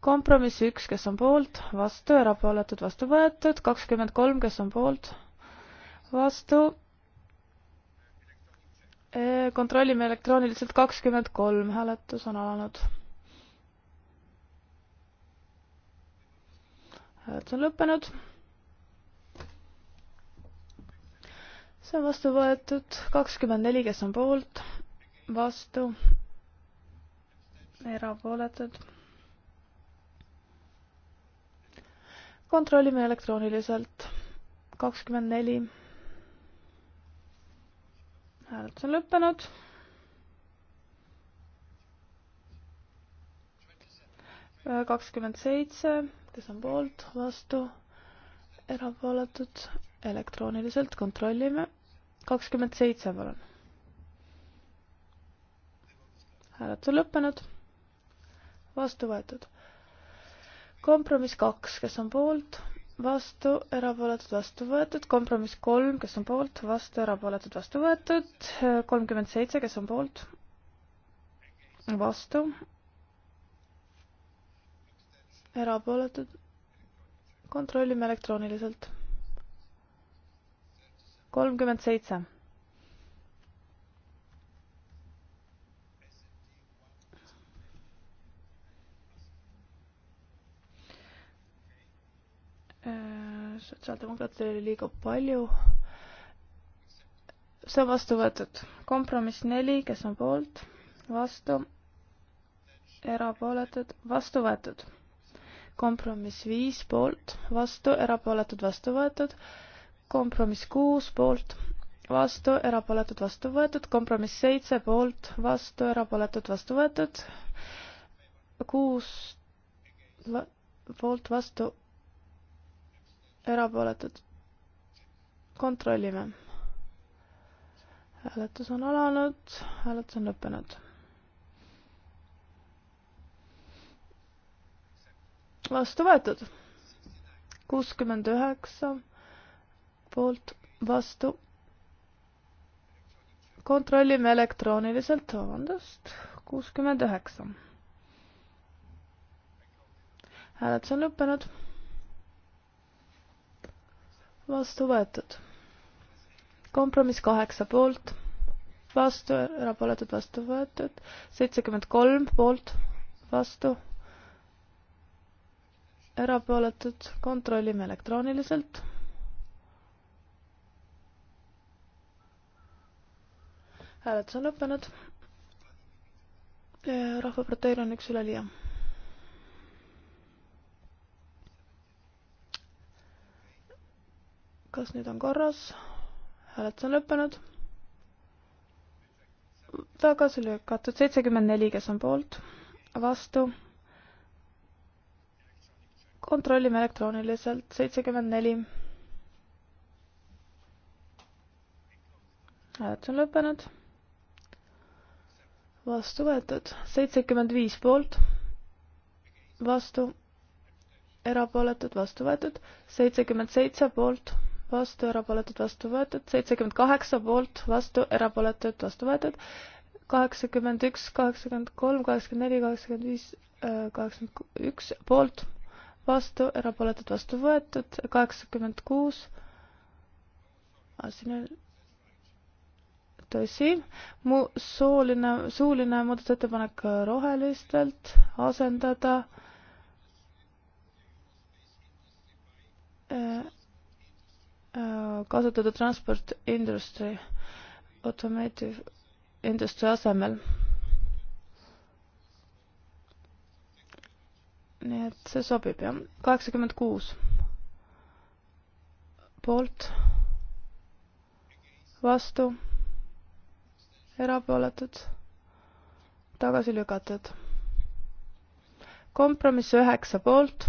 kompromiss üks, kes on poolt, vastu, erapooletud, vastu võetud. kakskümmend kolm, kes on poolt, vastu Äh, kontrollime elektrooniliselt kakskümmend kolm, hääletus on alanud. hääletus on lõppenud. see on vastu võetud kakskümmend neli, kes on poolt, vastu, erapooletud. kontrollime elektrooniliselt kakskümmend neli hääletus on lõppenud. kakskümmend seitse, kes on poolt, vastu, erapooletud, elektrooniliselt kontrollime. kakskümmend seitse, palun. hääletus on lõppenud. vastu võetud. kompromiss kaks, kes on poolt vastu, erapooletud, vastu võetud, kompromiss kolm, kes on poolt, vastu, erapooletud, vastu võetud, kolmkümmend seitse, kes on poolt, vastu, erapooletud, kontrollime elektrooniliselt. kolmkümmend seitse sotsiaaldemokraatidel oli liiga palju. see on vastu võetud. kompromiss neli, kes on poolt, vastu, erapooletud, vastu võetud. kompromiss viis, poolt, vastu, erapooletud, vastu võetud. kompromiss kuus, poolt, vastu, erapooletud, vastu võetud. kompromiss seitse, poolt, vastu, erapooletud, vastu võetud. kuus, poolt, vastu erapooletud. kontrollime. hääletus on alanud, hääletus on lõppenud. vastu võetud. kuuskümmend üheksa poolt vastu. kontrollime elektrooniliselt, vabandust, kuuskümmend üheksa. hääletus on lõppenud vastu võetud. kompromiss kaheksa poolt, vastu, erapooletud, vastu võetud, seitsekümmend kolm poolt, vastu, erapooletud, kontrollime elektrooniliselt hääletus on lõppenud. rahvaparteil on üks üleliia kas nüüd on korras? hääletus on lõppenud. tagasi lükatud seitsekümmend neli, kes on poolt, vastu. kontrollime elektrooniliselt, seitsekümmend neli. hääletus on lõppenud. vastu võetud, seitsekümmend viis poolt, vastu erapooletud, vastu võetud, seitsekümmend seitse poolt vastu, erapooletud, vastu võetud, seitsekümmend kaheksa poolt, vastu, erapooletud, vastu võetud, kaheksakümmend üks, kaheksakümmend kolm, kaheksakümmend neli, kaheksakümmend viis, äh, kaheksakümmend üks poolt, vastu, erapooletud, vastu võetud, kaheksakümmend kuus, ah, siin on tõsi, mu sooline, suuline muudatusettepanek rohelistelt asendada äh, Äh, kasutada transport industry automotive industry asemel. nii et see sobib jah, kaheksakümmend kuus poolt, vastu, erapooletud, tagasi lükatud. kompromiss üheksa poolt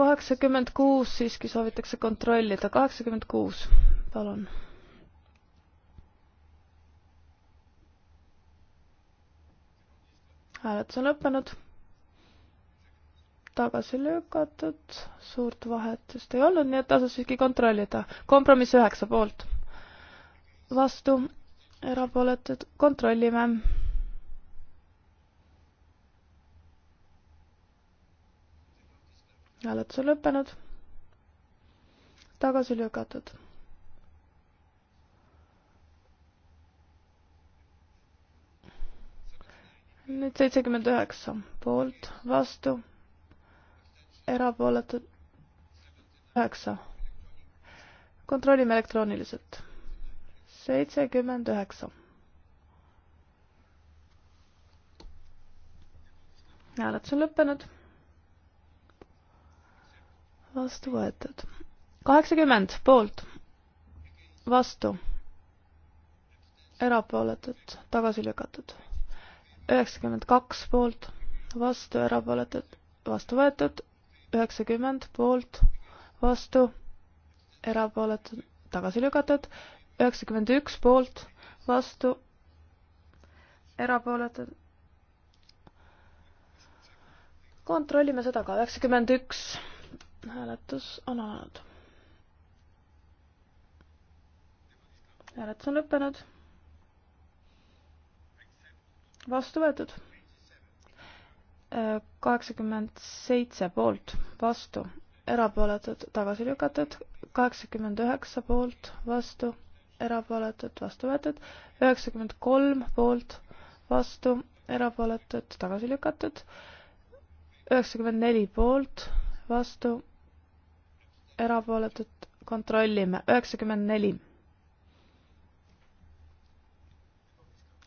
kaheksakümmend kuus siiski soovitakse kontrollida, kaheksakümmend kuus, palun. hääletus on lõppenud. tagasi lükatud, suurt vahet vist ei olnud, nii et tasus siiski kontrollida. kompromiss üheksa poolt. vastu, erapooletud, kontrollime hääletus on lõppenud. tagasi lükatud. nüüd seitsekümmend üheksa poolt, vastu, erapooletud üheksa. kontrollime elektrooniliselt. seitsekümmend üheksa. hääletus on lõppenud vastu võetud. kaheksakümmend poolt, vastu, erapooletud, tagasi lükatud. üheksakümmend kaks poolt, vastu, erapooletud, vastu võetud. üheksakümmend poolt, vastu, erapooletud, tagasi lükatud. üheksakümmend üks poolt, vastu, erapooletud. kontrollime seda ka, üheksakümmend üks hääletus on alanud. hääletus on lõppenud. vastu võetud. Äh, kaheksakümmend seitse poolt, vastu, erapooletud, tagasi lükatud, kaheksakümmend üheksa poolt, vastu, erapooletud, vastu võetud, üheksakümmend kolm poolt, vastu, erapooletud, tagasi lükatud, üheksakümmend neli poolt, vastu, erapooletud, kontrollime, üheksakümmend neli.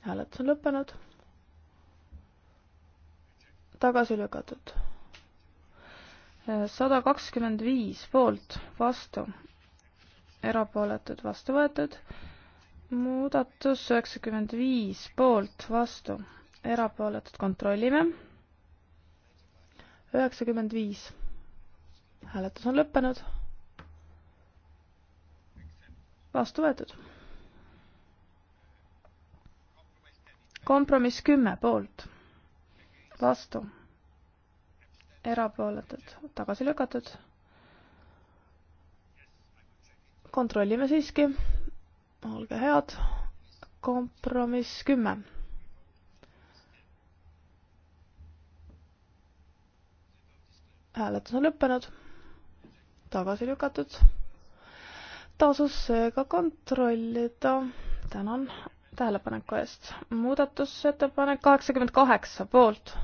hääletus on lõppenud. tagasi lükatud. sada kakskümmend viis poolt, vastu, erapooletud, vastu võetud. muudatus üheksakümmend viis poolt, vastu, erapooletud, kontrollime. üheksakümmend viis hääletus on lõppenud vastu võetud. kompromiss kümme poolt, vastu, erapooletud, tagasi lükatud. kontrollime siiski, olge head, kompromiss kümme hääletus on lõppenud, tagasi lükatud tasus seega kontrollida. tänan tähelepaneku eest. muudatusettepanek kaheksakümmend kaheksa poolt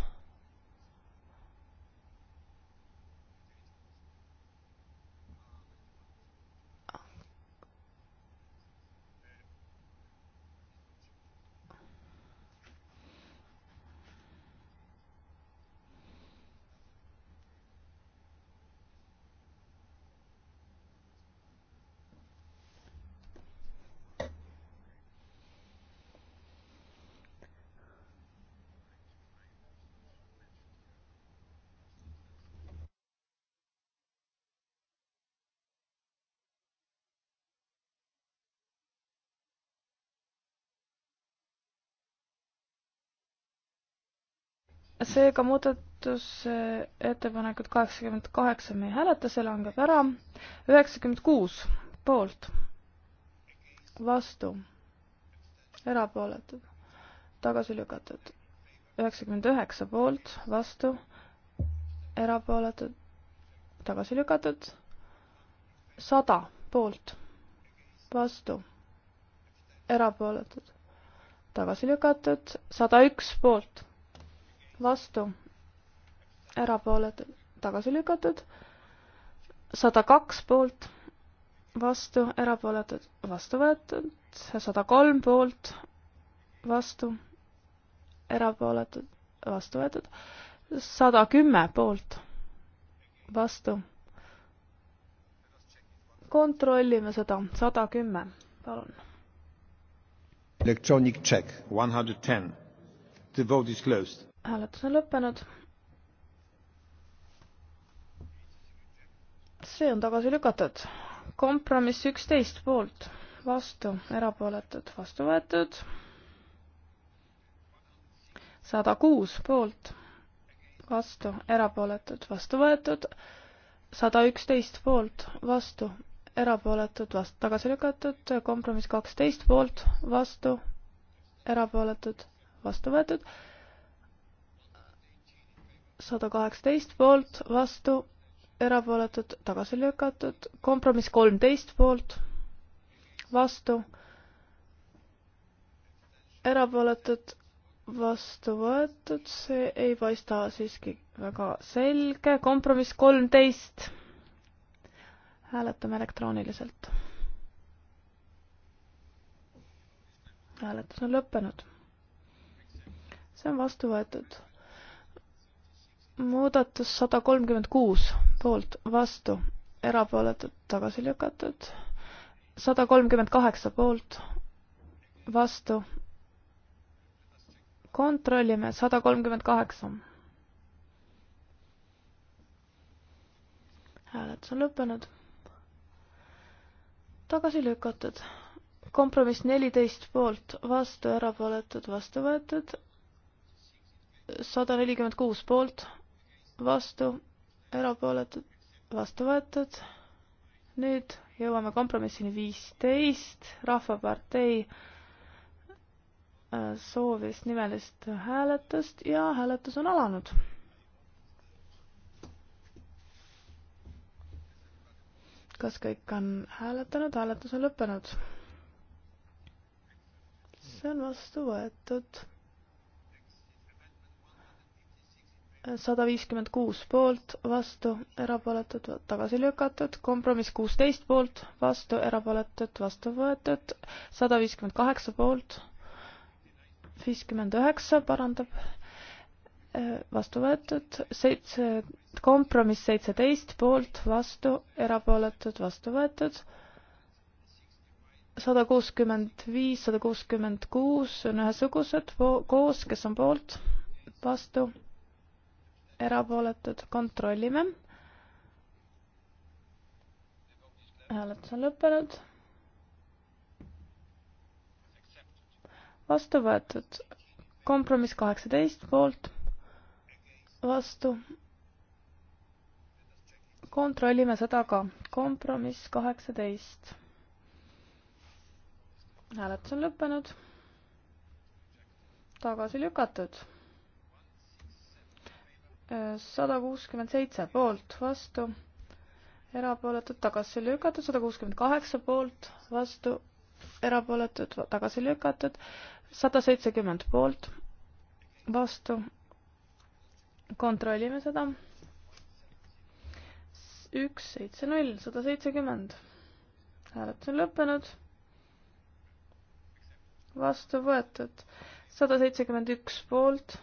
seega muudatusettepanekut kaheksakümmend kaheksa me ei hääleta, see langeb ära. üheksakümmend kuus poolt, vastu, erapooletud, tagasi lükatud. üheksakümmend üheksa poolt, vastu, erapooletud, tagasi lükatud. sada poolt, vastu, erapooletud, tagasi lükatud. sada üks poolt vastu, erapooled tagasi lükatud, sada kaks poolt, vastu, erapooletud, vastu võetud, sada kolm poolt, vastu, erapooletud, vastu võetud, sada kümme poolt, vastu. kontrollime seda, sada kümme, palun. Electronic check, one hundred ten. The vote is closed hääletus on lõppenud. see on tagasi lükatud. kompromiss üksteist poolt, vastu, erapooletud, vastu võetud. sada kuus poolt, vastu, erapooletud, vastu võetud. sada üksteist poolt, vastu, erapooletud, vastu, tagasi lükatud. kompromiss kaksteist poolt, vastu, erapooletud, vastu võetud sada kaheksateist poolt, vastu, erapooletud, tagasi lükatud, kompromiss kolmteist poolt, vastu, erapooletud, vastu võetud, see ei paista siiski väga selge, kompromiss kolmteist. hääletame elektrooniliselt. hääletus on lõppenud. see on vastu võetud muudatus sada kolmkümmend kuus poolt, vastu, erapooletud, tagasi lükatud. sada kolmkümmend kaheksa poolt, vastu. kontrollime, sada kolmkümmend kaheksa. hääletus on lõppenud. tagasi lükatud. kompromiss neliteist poolt, vastu, erapooletud, vastu võetud. sada nelikümmend kuus poolt vastu, erapooletud, vastu võetud. nüüd jõuame kompromissini viisteist, Rahvapartei äh, soovis nimelist hääletust ja hääletus on alanud. kas kõik on hääletanud, hääletus on lõppenud. see on vastu võetud sada viiskümmend kuus poolt, vastu, erapooletud, tagasi lükatud, kompromiss kuusteist poolt, vastu, erapooletud, vastu võetud, sada viiskümmend kaheksa poolt, viiskümmend üheksa parandab, eh, vastu võetud, seitse, kompromiss seitseteist poolt, vastu, erapooletud, vastu võetud, sada kuuskümmend viis, sada kuuskümmend kuus on ühesugused koos, kes on poolt, vastu erapooletud, kontrollime. hääletus on lõppenud. vastu võetud, kompromiss kaheksateist poolt, vastu. kontrollime seda ka, kompromiss kaheksateist. hääletus on lõppenud, tagasi lükatud sada kuuskümmend seitse poolt, vastu, erapooletud, tagasi lükatud, sada kuuskümmend kaheksa poolt, vastu, erapooletud, tagasi lükatud, sada seitsekümmend poolt, vastu, kontrollime seda, üks, seitse, null, sada seitsekümmend, hääletus on lõppenud, vastu võetud, sada seitsekümmend üks poolt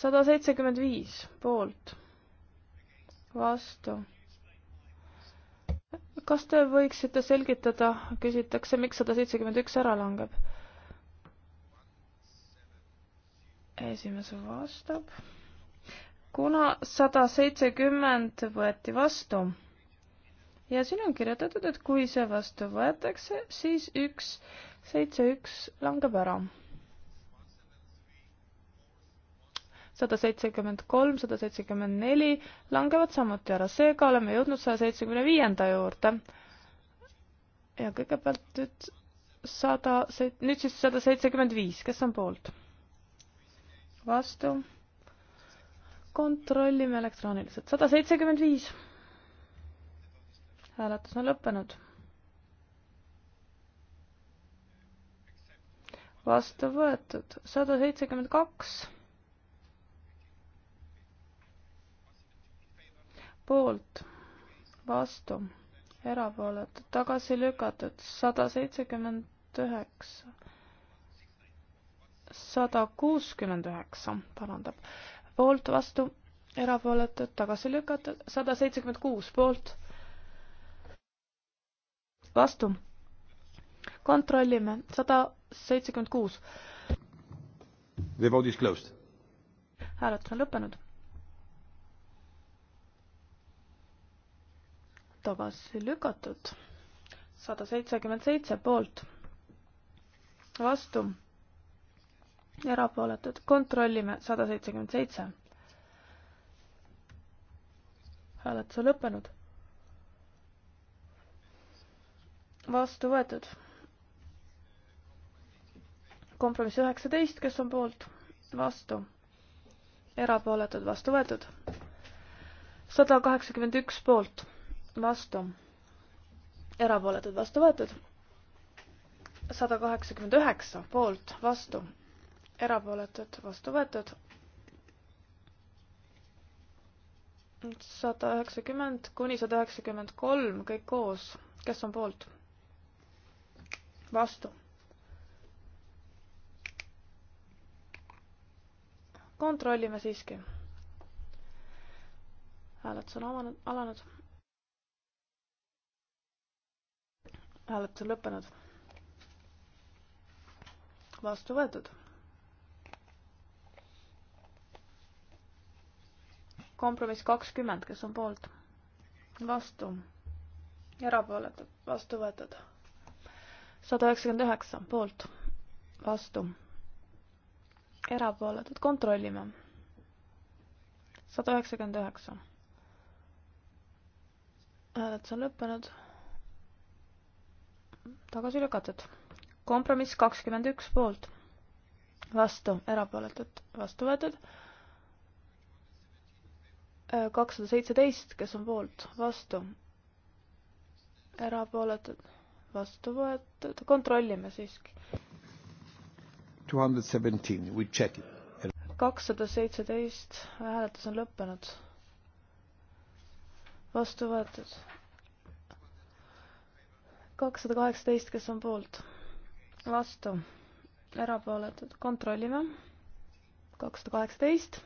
sada seitsekümmend viis poolt, vastu. kas te võiksite selgitada, küsitakse, miks sada seitsekümmend üks ära langeb? esimees vastab. kuna sada seitsekümmend võeti vastu ja siin on kirjutatud, et kui see vastu võetakse, siis üks seitse üks langeb ära sada seitsekümmend kolm, sada seitsekümmend neli langevad samuti ära, seega oleme jõudnud saja seitsmekümne viienda juurde. ja kõigepealt nüüd sada seit-, nüüd siis sada seitsekümmend viis, kes on poolt? vastu. kontrollime elektrooniliselt, sada seitsekümmend viis. hääletus on lõppenud. vastu võetud sada seitsekümmend kaks poolt, vastu, erapooletud, tagasi lükatud, sada seitsekümmend üheksa, sada kuuskümmend üheksa, parandab, poolt, vastu, erapooletud, tagasi lükatud, sada seitsekümmend kuus poolt, vastu. kontrollime, sada seitsekümmend kuus. The vote is closed. hääletus on lõppenud tagasi lükatud. sada seitsekümmend seitse poolt, vastu, erapooletud, kontrollime sada seitsekümmend seitse. hääletus on lõppenud. vastu võetud. kompromiss üheksateist, kes on poolt, vastu, erapooletud, vastu võetud. sada kaheksakümmend üks poolt vastu, erapooletud vastu võetud. sada kaheksakümmend üheksa poolt, vastu, erapooletud vastu võetud. sada üheksakümmend kuni sada üheksakümmend kolm, kõik koos, kes on poolt? vastu. kontrollime siiski hääletus on avanud, alanud. hääletus on lõppenud. vastu võetud. kompromiss kakskümmend, kes on poolt? vastu. erapooletud, vastu võetud. sada üheksakümmend üheksa, poolt, vastu. erapooletud, kontrollime. sada üheksakümmend üheksa. hääletus on lõppenud tagasi lükatud. kompromiss kakskümmend üks poolt, vastu, erapooletud, vastu võetud. Äh, kakssada seitseteist, kes on poolt, vastu, erapooletud, vastu võetud, kontrollime siiski. kakssada seitseteist, hääletus on lõppenud. vastu võetud kakssada kaheksateist, kes on poolt, vastu, erapooletud, kontrollime. kakssada kaheksateist.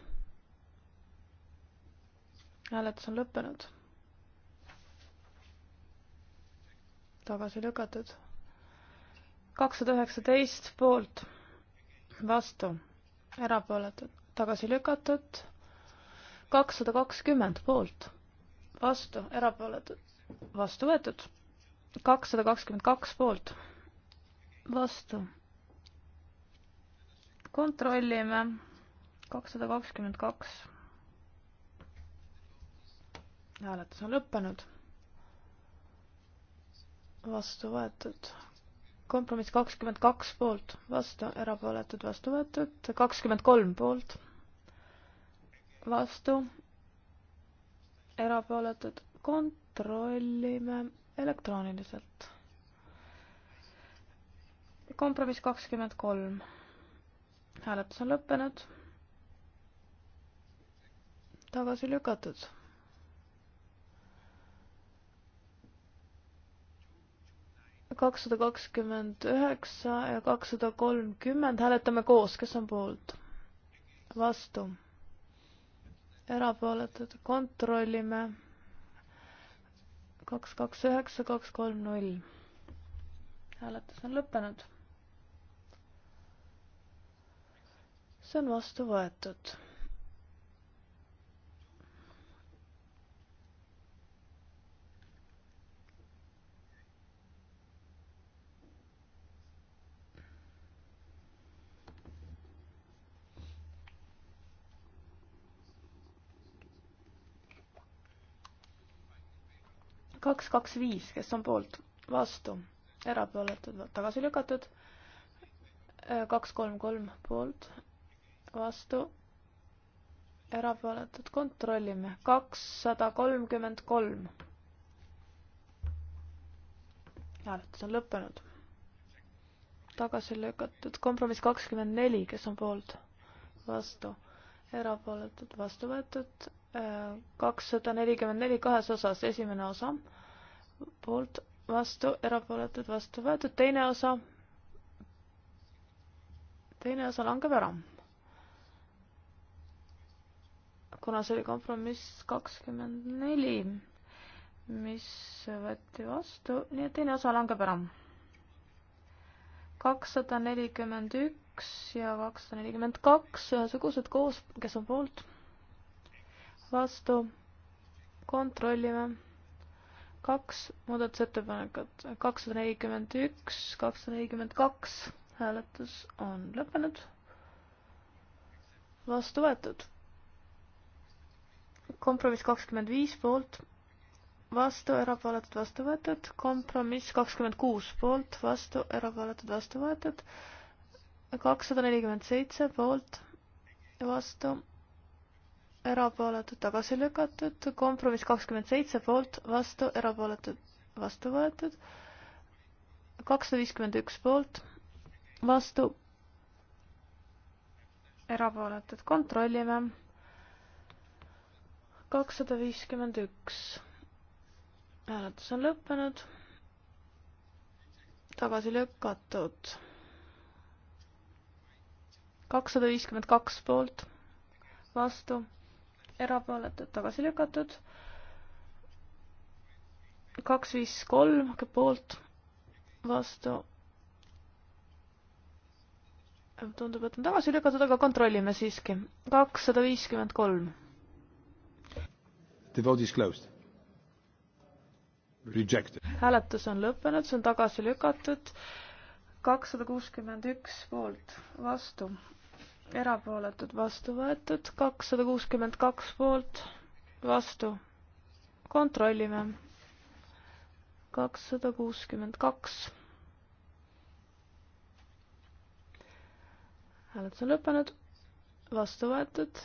hääletus on lõppenud. tagasi lükatud. kakssada üheksateist poolt, vastu, erapooletud, tagasi lükatud. kakssada kakskümmend poolt, vastu, erapooletud, vastu võetud kakssada kakskümmend kaks poolt, vastu. kontrollime, kakssada kakskümmend kaks. hääletus on lõppenud. vastu võetud kompromiss kakskümmend kaks poolt, vastu, erapooletud, vastu võetud, kakskümmend kolm poolt, vastu, erapooletud, kontrollime elektrooniliselt. kompromiss kakskümmend kolm. hääletus on lõppenud. tagasi lükatud. kakssada kakskümmend üheksa ja kakssada kolmkümmend hääletame koos, kes on poolt? vastu erapooletud, kontrollime kaks, kaks, üheksa, kaks, kolm, null. hääletus on lõppenud. see on vastu võetud kaks, kaks, viis, kes on poolt, vastu, erapooletud, tagasi lükatud. kaks, kolm, kolm poolt, vastu, erapooletud, kontrollime, kakssada kolmkümmend kolm. hääletus on lõppenud. tagasi lükatud, kompromiss kakskümmend neli, kes on poolt, vastu, erapooletud, vastu võetud kakssada nelikümmend neli kahes osas, esimene osa poolt, vastu, erapooletud, vastu võetud, teine osa, teine osa langeb ära. kuna see oli kompromiss kakskümmend neli, mis võeti vastu, nii et teine osa langeb ära. kakssada nelikümmend üks ja kakssada nelikümmend kaks ühesugused koos, kes on poolt, vastu, kontrollime kaks muudatusettepanekut, kakssada nelikümmend üks, kakssada nelikümmend kaks, hääletus on lõppenud. vastu võetud. kompromiss kakskümmend viis poolt, vastu, erapooletud, vastu võetud, kompromiss kakskümmend kuus poolt, vastu, erapooletud, vastu võetud, kakssada nelikümmend seitse poolt, vastu erapooletud, tagasi lükatud, kompromiss kakskümmend seitse poolt, vastu, erapooletud, vastu võetud, kakssada viiskümmend üks poolt, vastu, erapooletud, kontrollime, kakssada viiskümmend üks, hääletus on lõppenud, tagasi lükatud, kakssada viiskümmend kaks poolt, vastu erapooletud, tagasi lükatud. kaks, viis, kolm poolt, vastu. tundub, et on tagasi lükatud, aga kontrollime siiski. kakssada viiskümmend kolm. The vote is closed. Rejected. hääletus on lõppenud, see on tagasi lükatud. kakssada kuuskümmend üks poolt, vastu erapooletud, vastu võetud, kakssada kuuskümmend kaks poolt, vastu. kontrollime. kakssada kuuskümmend kaks. hääletus on lõppenud, vastu võetud,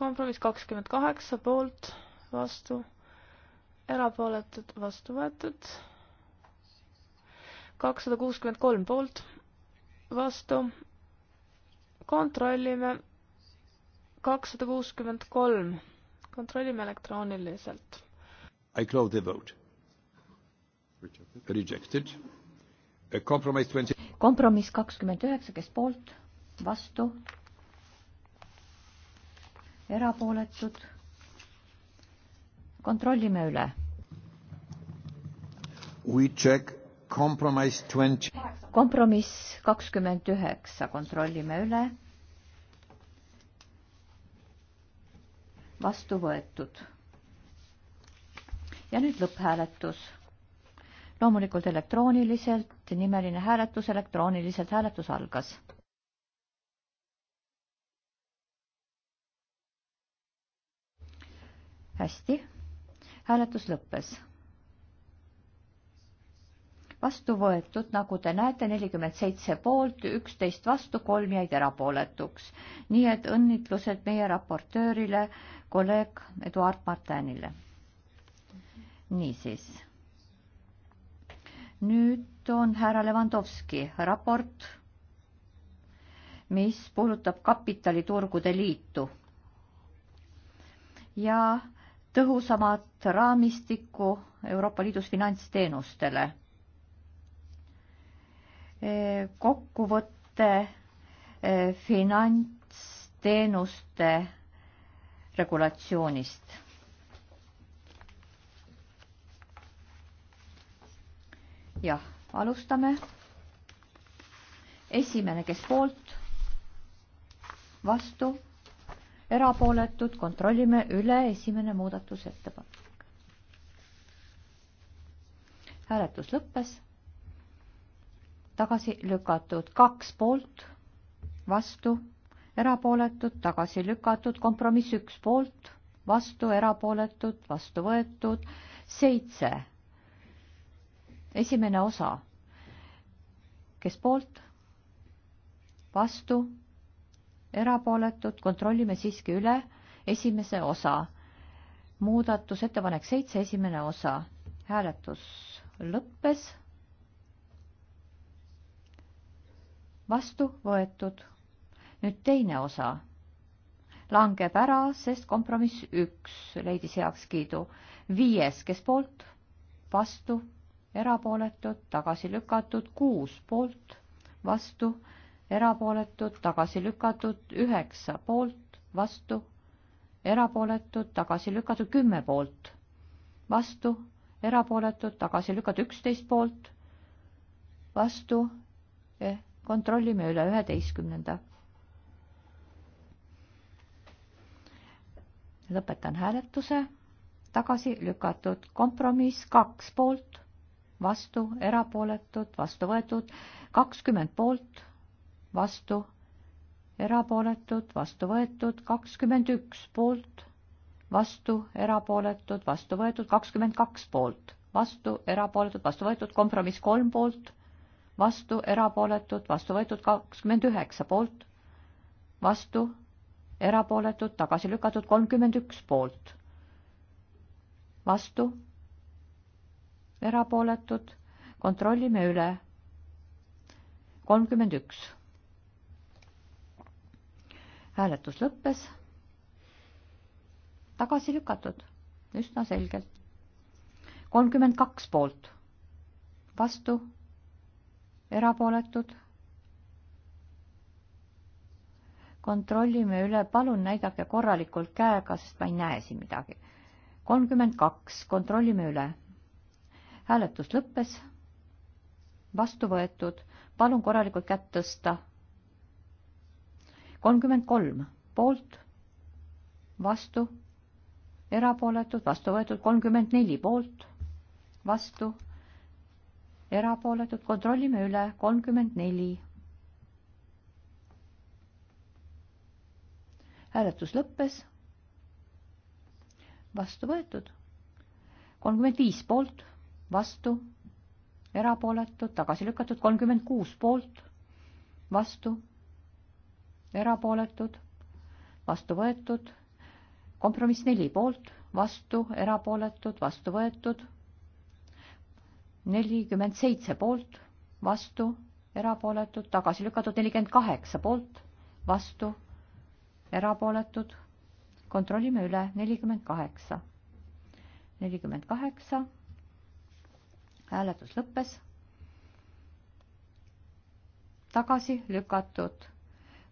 kompromiss kakskümmend kaheksa poolt, vastu, erapooletud, vastu võetud, kakssada kuuskümmend kolm poolt, vastu kontrollime kakssada kuuskümmend kolm, kontrollime elektrooniliselt. I close the vote. Rejected. Compromise twenty. kompromiss kakskümmend üheksa, kes poolt, vastu, erapooletud. kontrollime üle. We check compromise twenty kompromiss kakskümmend üheksa, kontrollime üle. vastu võetud. ja nüüd lõpphääletus. loomulikult elektrooniliselt, nimeline hääletus, elektrooniliselt hääletus algas hästi, hääletus lõppes vastu võetud, nagu te näete, nelikümmend seitse poolt, üksteist vastu, kolm jäid erapooletuks. nii et õnnitlused meie raportöörile, kolleeg Eduard Martinile. niisiis. nüüd on härra Levandovski raport, mis puudutab kapitaliturgude liitu ja tõhusamat raamistikku Euroopa Liidus finantsteenustele kokkuvõte eh, finantsteenuste regulatsioonist. jah, alustame. esimene, kes poolt, vastu, erapooletud, kontrollime üle esimene muudatusettepanek. hääletus lõppes tagasi lükatud, kaks poolt, vastu, erapooletud, tagasi lükatud, kompromiss üks poolt, vastu, erapooletud, vastu võetud, seitse. esimene osa, kes poolt, vastu, erapooletud, kontrollime siiski üle, esimese osa, muudatusettepanek seitse, esimene osa, hääletus lõppes vastu võetud. nüüd teine osa langeb ära, sest kompromiss üks leidis heakskiidu. viies, kes poolt, vastu, erapooletud, tagasi lükatud, kuus poolt, vastu, erapooletud, tagasi lükatud, üheksa poolt, vastu, erapooletud, tagasi lükatud, kümme poolt, vastu, erapooletud, tagasi lükatud, üksteist poolt, vastu eh,, kontrollime üle üheteistkümnenda. lõpetan hääletuse, tagasi lükatud kompromiss kaks poolt, vastu erapooletud, vastu võetud, kakskümmend poolt, vastu erapooletud, vastu võetud, kakskümmend üks poolt, vastu erapooletud, vastu võetud, kakskümmend kaks poolt, vastu erapooletud, vastu võetud, kompromiss kolm poolt vastu, erapooletud, vastu võetud kakskümmend üheksa poolt, vastu, erapooletud, tagasi lükatud kolmkümmend üks poolt, vastu, erapooletud, kontrollime üle, kolmkümmend üks. hääletus lõppes, tagasi lükatud, üsna selgelt, kolmkümmend kaks poolt, vastu erapooletud. kontrollime üle, palun näidake korralikult käega, sest ma ei näe siin midagi. kolmkümmend kaks, kontrollime üle. hääletus lõppes. vastu võetud, palun korralikult kätt tõsta. kolmkümmend kolm, poolt, vastu, erapooletud, vastu võetud, kolmkümmend neli poolt, vastu erapooletud, kontrollime üle, kolmkümmend neli. hääletus lõppes. vastu võetud. kolmkümmend viis poolt, vastu, erapooletud, tagasi lükatud, kolmkümmend kuus poolt, vastu, erapooletud, vastu võetud, kompromiss neli poolt, vastu, erapooletud, vastu võetud nelikümmend seitse poolt, vastu, erapooletud, tagasi lükatud, nelikümmend kaheksa poolt, vastu, erapooletud. kontrollime üle, nelikümmend kaheksa. nelikümmend kaheksa. hääletus lõppes. tagasi lükatud,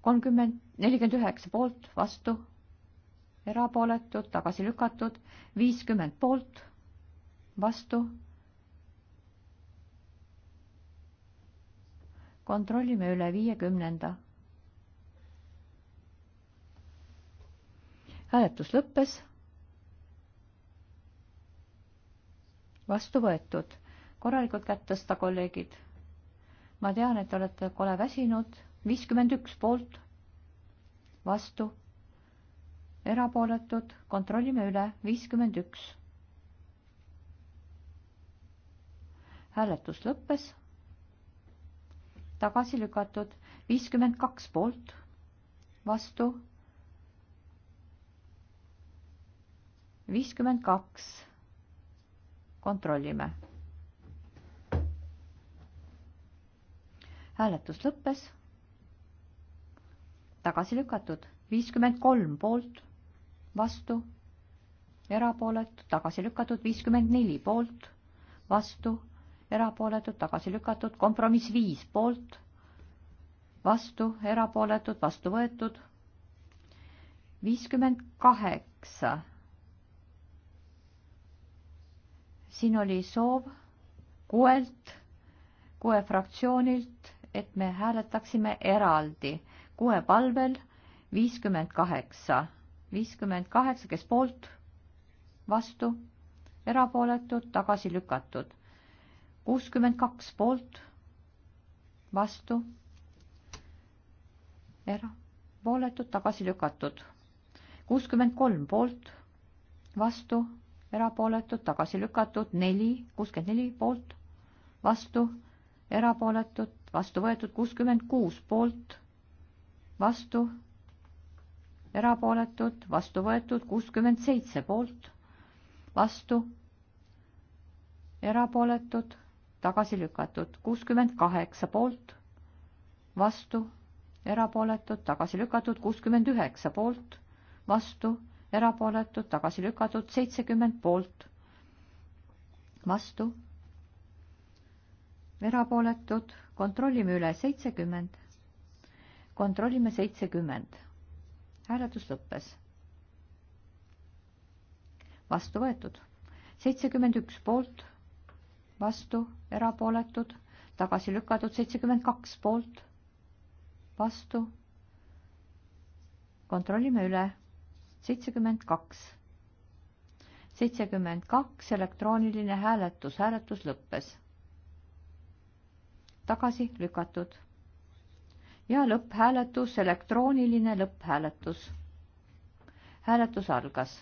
kolmkümmend, nelikümmend üheksa poolt, vastu, erapooletud, tagasi lükatud, viiskümmend poolt, vastu kontrollime üle viiekümnenda. hääletus lõppes. vastu võetud, korralikult kätt tõsta, kolleegid. ma tean, et te olete kole väsinud, viiskümmend üks poolt, vastu, erapooletud, kontrollime üle, viiskümmend üks. hääletus lõppes tagasi lükatud, viiskümmend kaks poolt, vastu. viiskümmend kaks. kontrollime. hääletus lõppes. tagasi lükatud, viiskümmend kolm poolt, vastu, erapooletu, tagasi lükatud, viiskümmend neli poolt, vastu erapooletud, tagasi lükatud, kompromiss viis poolt, vastu, erapooletud, vastu võetud, viiskümmend kaheksa. siin oli soov kuuelt, kuue fraktsioonilt, et me hääletaksime eraldi, kuue palvel viiskümmend kaheksa, viiskümmend kaheksa, kes poolt, vastu, erapooletud, tagasi lükatud kuuskümmend kaks poolt, vastu, erapooletud, tagasi lükatud. kuuskümmend kolm poolt, vastu, erapooletud, tagasi lükatud, neli, kuuskümmend neli poolt, vastu, erapooletud, vastu võetud, kuuskümmend kuus poolt, vastu, erapooletud, vastu võetud, kuuskümmend seitse poolt, vastu, erapooletud tagasi lükatud, kuuskümmend kaheksa poolt, vastu, erapooletud, tagasi lükatud, kuuskümmend üheksa poolt, vastu, erapooletud, tagasi lükatud, seitsekümmend poolt, vastu, erapooletud, kontrollime üle, seitsekümmend. kontrollime seitsekümmend. hääletus lõppes. vastu võetud, seitsekümmend üks poolt vastu, erapooletud, tagasi lükatud, seitsekümmend kaks poolt, vastu. kontrollime üle, seitsekümmend kaks. seitsekümmend kaks, elektrooniline hääletus, hääletus lõppes. tagasi lükatud. ja lõpphääletus, elektrooniline lõpphääletus. hääletus algas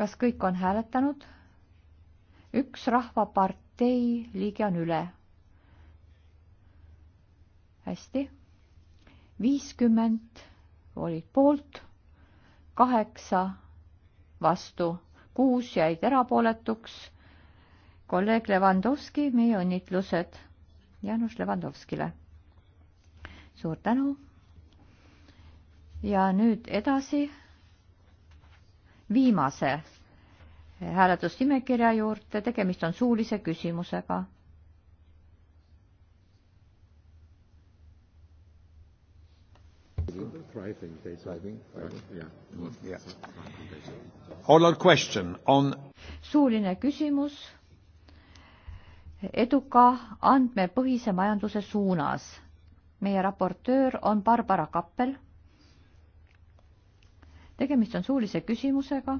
kas kõik on hääletanud? üks rahvapartei liige on üle. hästi. viiskümmend olid poolt, kaheksa vastu, kuus jäid erapooletuks. kolleeg Levandovski, meie õnnitlused Jaanus Levandovskile. suur tänu. ja nüüd edasi viimase hääletusnimekirja juurde, tegemist on suulise küsimusega. On... suuline küsimus eduka andmepõhise majanduse suunas. meie raportöör on Barbara Kappel tegemist on suulise küsimusega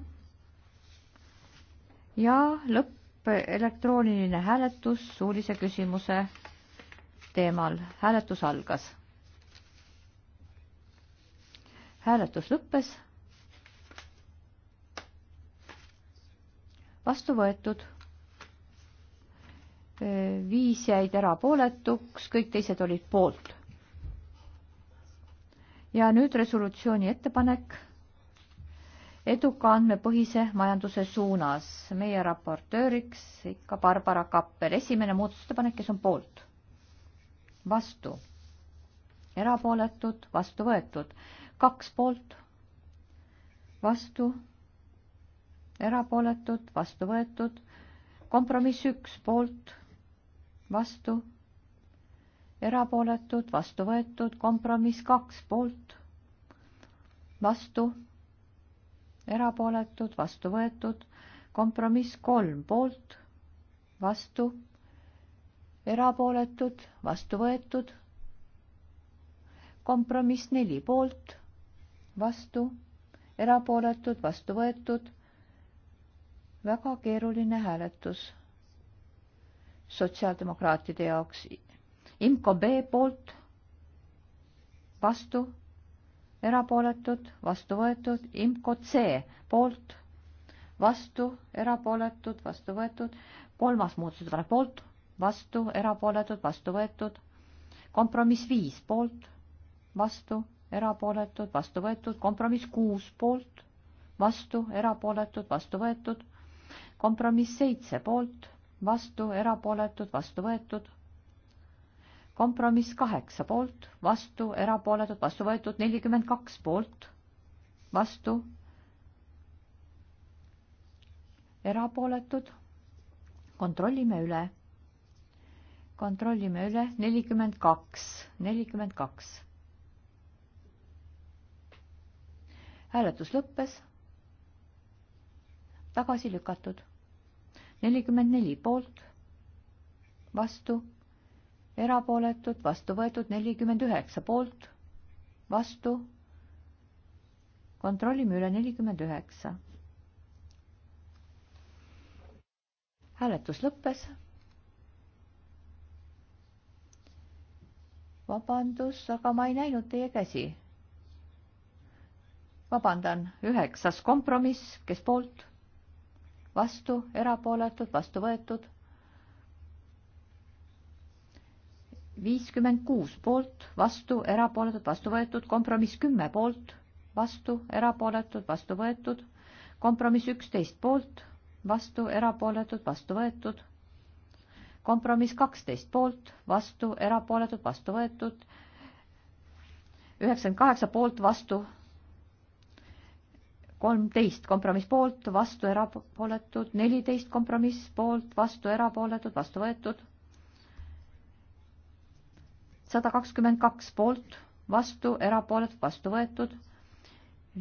ja lõpp elektrooniline hääletus suulise küsimuse teemal. hääletus algas. hääletus lõppes. vastu võetud. viis jäid erapooletuks, kõik teised olid poolt. ja nüüd resolutsiooni ettepanek eduka andmepõhise majanduse suunas. meie raportööriks ikka Barbara Kappel. esimene muudatusettepanek, kes on poolt? vastu. erapooletud, vastu võetud. kaks poolt, vastu, erapooletud, vastu võetud. kompromiss üks poolt, vastu, erapooletud, vastu võetud. kompromiss kaks poolt, vastu erapooletud, vastu võetud, kompromiss kolm poolt, vastu, erapooletud, vastu võetud, kompromiss neli poolt, vastu, erapooletud, vastu võetud, väga keeruline hääletus sotsiaaldemokraatide jaoks. IMCO B poolt, vastu erapooletud, vastu võetud, IMCO C poolt, vastu, erapooletud, vastu võetud, kolmas muudatusettepanek poolt, vastu, erapooletud, vastu võetud, kompromiss viis poolt, vastu, erapooletud, vastu võetud, kompromiss kuus poolt, vastu, erapooletud, vastu võetud, kompromiss seitse poolt, vastu, erapooletud, vastu võetud kompromiss kaheksa poolt, vastu, erapooletud, vastu võetud nelikümmend kaks poolt, vastu, erapooletud. kontrollime üle. kontrollime üle, nelikümmend kaks, nelikümmend kaks. hääletus lõppes. tagasi lükatud. nelikümmend neli poolt, vastu erapooletud, vastu võetud nelikümmend üheksa poolt, vastu. kontrollime üle nelikümmend üheksa. hääletus lõppes. vabandust, aga ma ei näinud teie käsi. vabandan, üheksas kompromiss, kes poolt, vastu, erapooletud, vastu võetud viiskümmend kuus poolt, vastu, erapooletud, vastu võetud, kompromiss kümme poolt, vastu, erapooletud, vastu võetud, kompromiss üksteist poolt, vastu, erapooletud, vastu võetud, kompromiss kaksteist poolt, vastu, erapooletud, vastu võetud, üheksakümmend kaheksa poolt, vastu, kolmteist kompromiss poolt, vastu, erapooletud, neliteist kompromiss poolt, vastu, erapooletud, vastu võetud sada kakskümmend kaks poolt, vastu, erapooletud, vastu võetud,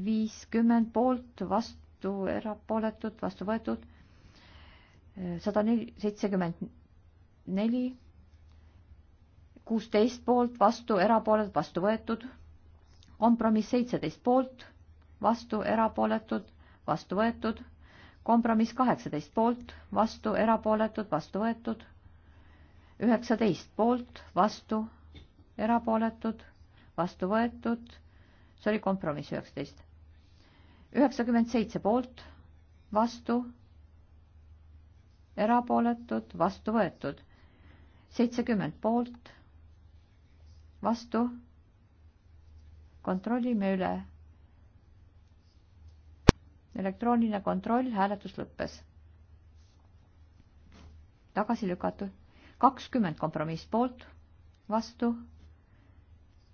viiskümmend poolt, vastu, erapooletud, vastu võetud, sada neli, seitsekümmend neli, kuusteist poolt, vastu, erapooletud, vastu võetud, kompromiss seitseteist poolt, vastu, erapooletud, vastu võetud, kompromiss kaheksateist poolt, vastu, erapooletud, vastu võetud, üheksateist poolt, vastu erapooletud, vastu võetud, see oli kompromiss üheksateist. üheksakümmend seitse poolt, vastu, erapooletud, vastu võetud, seitsekümmend poolt, vastu, kontrollime üle. elektrooniline kontroll, hääletus lõppes. tagasi lükatud, kakskümmend kompromiss poolt, vastu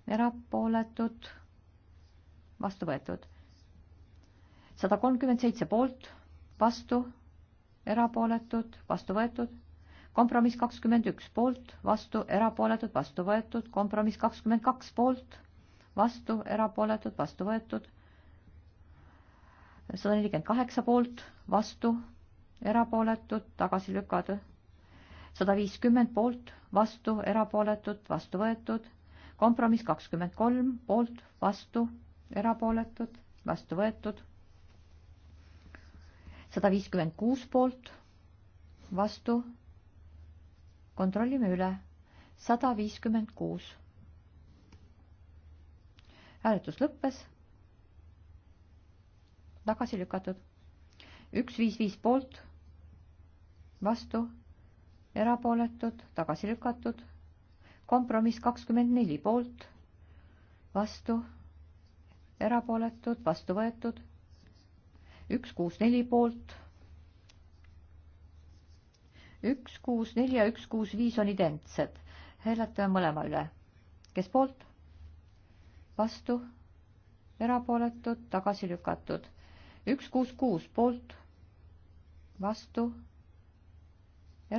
erapooletud, vastu võetud. sada kolmkümmend seitse poolt, vastu, erapooletud, vastu võetud. kompromiss kakskümmend üks poolt, vastu, erapooletud, vastu võetud. kompromiss kakskümmend kaks poolt, vastu, erapooletud, vastu võetud. sada nelikümmend kaheksa poolt, vastu, erapooletud, tagasi lükatud sada viiskümmend poolt, vastu, erapooletud, vastu võetud kompromiss kakskümmend kolm poolt, vastu, erapooletud, vastu võetud. sada viiskümmend kuus poolt, vastu. kontrollime üle, sada viiskümmend kuus. hääletus lõppes. tagasi lükatud, üks viis viis poolt, vastu, erapooletud, tagasi lükatud kompromiss kakskümmend neli poolt, vastu, erapooletud, vastu võetud, üks kuus neli poolt, üks kuus neli ja üks kuus viis on identsed, hääletame mõlema üle, kes poolt, vastu, erapooletud, tagasi lükatud, üks kuus kuus poolt, vastu,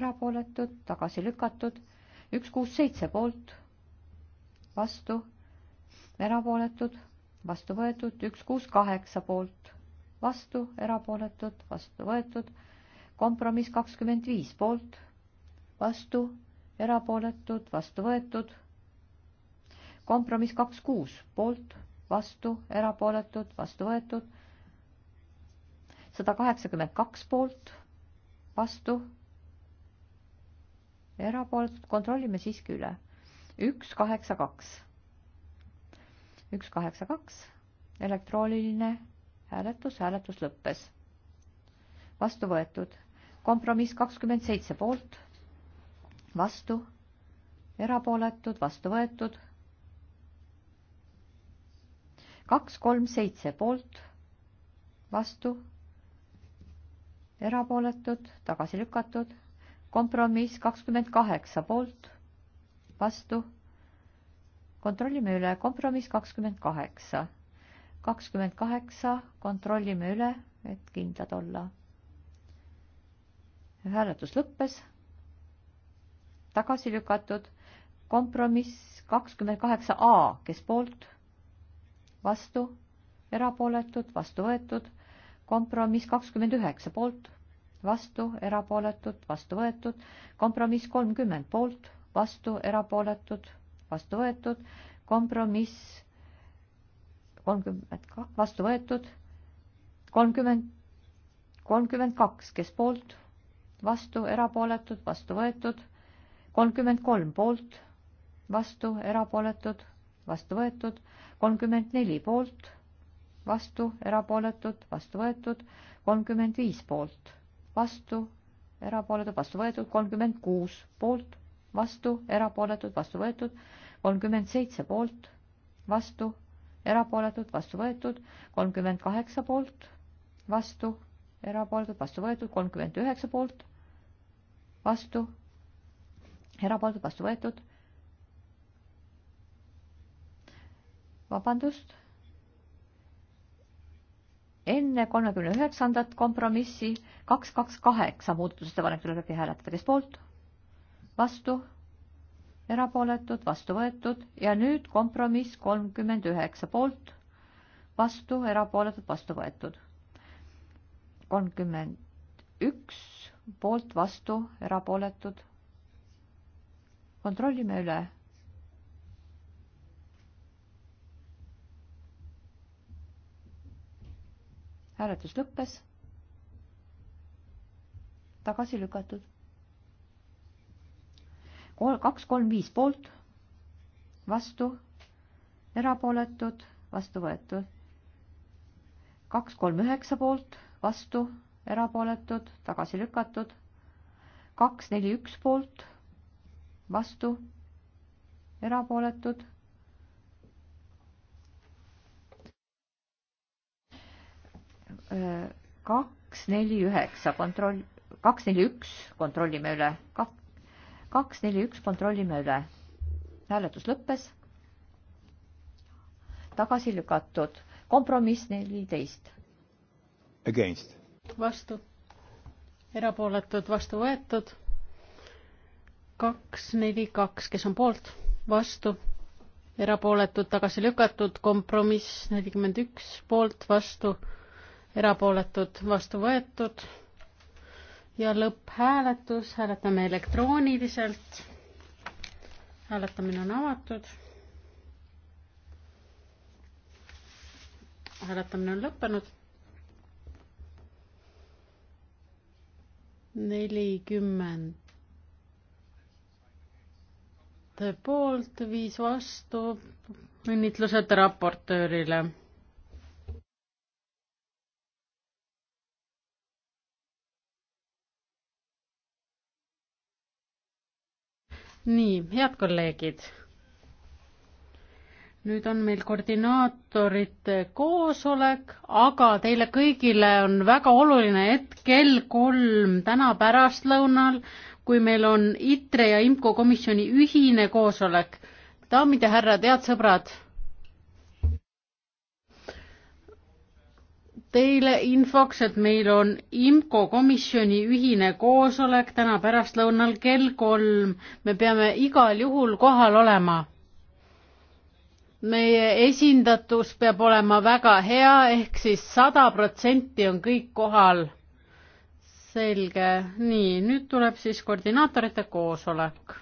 erapooletud, tagasi lükatud üks kuus seitse poolt, vastu, erapooletud, vastu võetud, üks kuus kaheksa poolt, vastu, erapooletud, vastu võetud, kompromiss kakskümmend viis poolt, vastu, erapooletud, vastu võetud, kompromiss kaks kuus poolt, vastu, erapooletud, vastu võetud, sada kaheksakümmend kaks poolt, vastu erapooletud, kontrollime siiski üle. üks, kaheksa, kaks. üks, kaheksa, kaks, elektrooniline hääletus, hääletus lõppes. vastu võetud, kompromiss kakskümmend seitse poolt, vastu, erapooletud, vastu võetud. kaks, kolm, seitse poolt, vastu, erapooletud, tagasi lükatud kompromiss kakskümmend kaheksa poolt, vastu. kontrollime üle, kompromiss kakskümmend kaheksa, kakskümmend kaheksa, kontrollime üle, et kindlad olla. hääletus lõppes, tagasi lükatud, kompromiss kakskümmend kaheksa A, kes poolt, vastu, erapooletud, vastu võetud, kompromiss kakskümmend üheksa poolt vastu, erapooletud, vastu võetud, kompromiss kolmkümmend poolt, vastu, erapooletud, vastu võetud, kompromiss kolmkümmend kaks, vastu võetud, kolmkümmend, kolmkümmend kaks, kes poolt, vastu, erapooletud, vastu võetud, kolmkümmend kolm poolt, vastu, erapooletud, vastu võetud, kolmkümmend neli poolt, vastu, erapooletud, vastu võetud, kolmkümmend viis poolt vastu, erapooletud, vastu võetud, kolmkümmend kuus poolt, vastu, erapooletud, vastu võetud, kolmkümmend seitse poolt, vastu, erapooletud, vastu võetud, kolmkümmend kaheksa poolt, vastu, erapooletud, vastu võetud, kolmkümmend üheksa poolt, vastu, erapooletud, vastu võetud. vabandust enne kolmekümne üheksandat kompromissi kaks, kaks, kaheksa muudatusettepanek tuleb läbi hääletada, kes poolt, vastu, erapooletud, vastu võetud ja nüüd kompromiss kolmkümmend üheksa poolt, vastu, erapooletud, vastu võetud. kolmkümmend üks poolt, vastu, erapooletud. kontrollime üle hääletus lõppes. tagasi lükatud. kaks, kolm, viis poolt, vastu, erapooletud, vastu võetud. kaks, kolm, üheksa poolt, vastu, erapooletud, tagasi lükatud. kaks, neli, üks poolt, vastu, erapooletud kaks, neli, üheksa kontroll, kaks, neli, üks kontrollime üle, kaks, neli, üks kontrollime üle. hääletus lõppes. tagasi lükatud, kompromiss neliteist. Against. vastu, erapooletud, vastu võetud. kaks, neli, kaks, kes on poolt, vastu erapooletud tagasi lükatud, kompromiss nelikümmend üks, poolt, vastu, erapooletud, vastu võetud ja lõpphääletus, hääletame elektrooniliselt. hääletamine on avatud. hääletamine on lõppenud. nelikümmend poolt, viis vastu. õnnitlused raportöörile nii, head kolleegid. nüüd on meil koordinaatorite koosolek, aga teile kõigile on väga oluline, et kell kolm täna pärastlõunal, kui meil on ITRE ja IMCO komisjoni ühine koosolek. daamid ja härrad, head sõbrad teile infoks, et meil on IMCO komisjoni ühine koosolek täna pärastlõunal kell kolm. me peame igal juhul kohal olema. meie esindatus peab olema väga hea, ehk siis sada protsenti on kõik kohal. selge, nii, nüüd tuleb siis koordinaatorite koosolek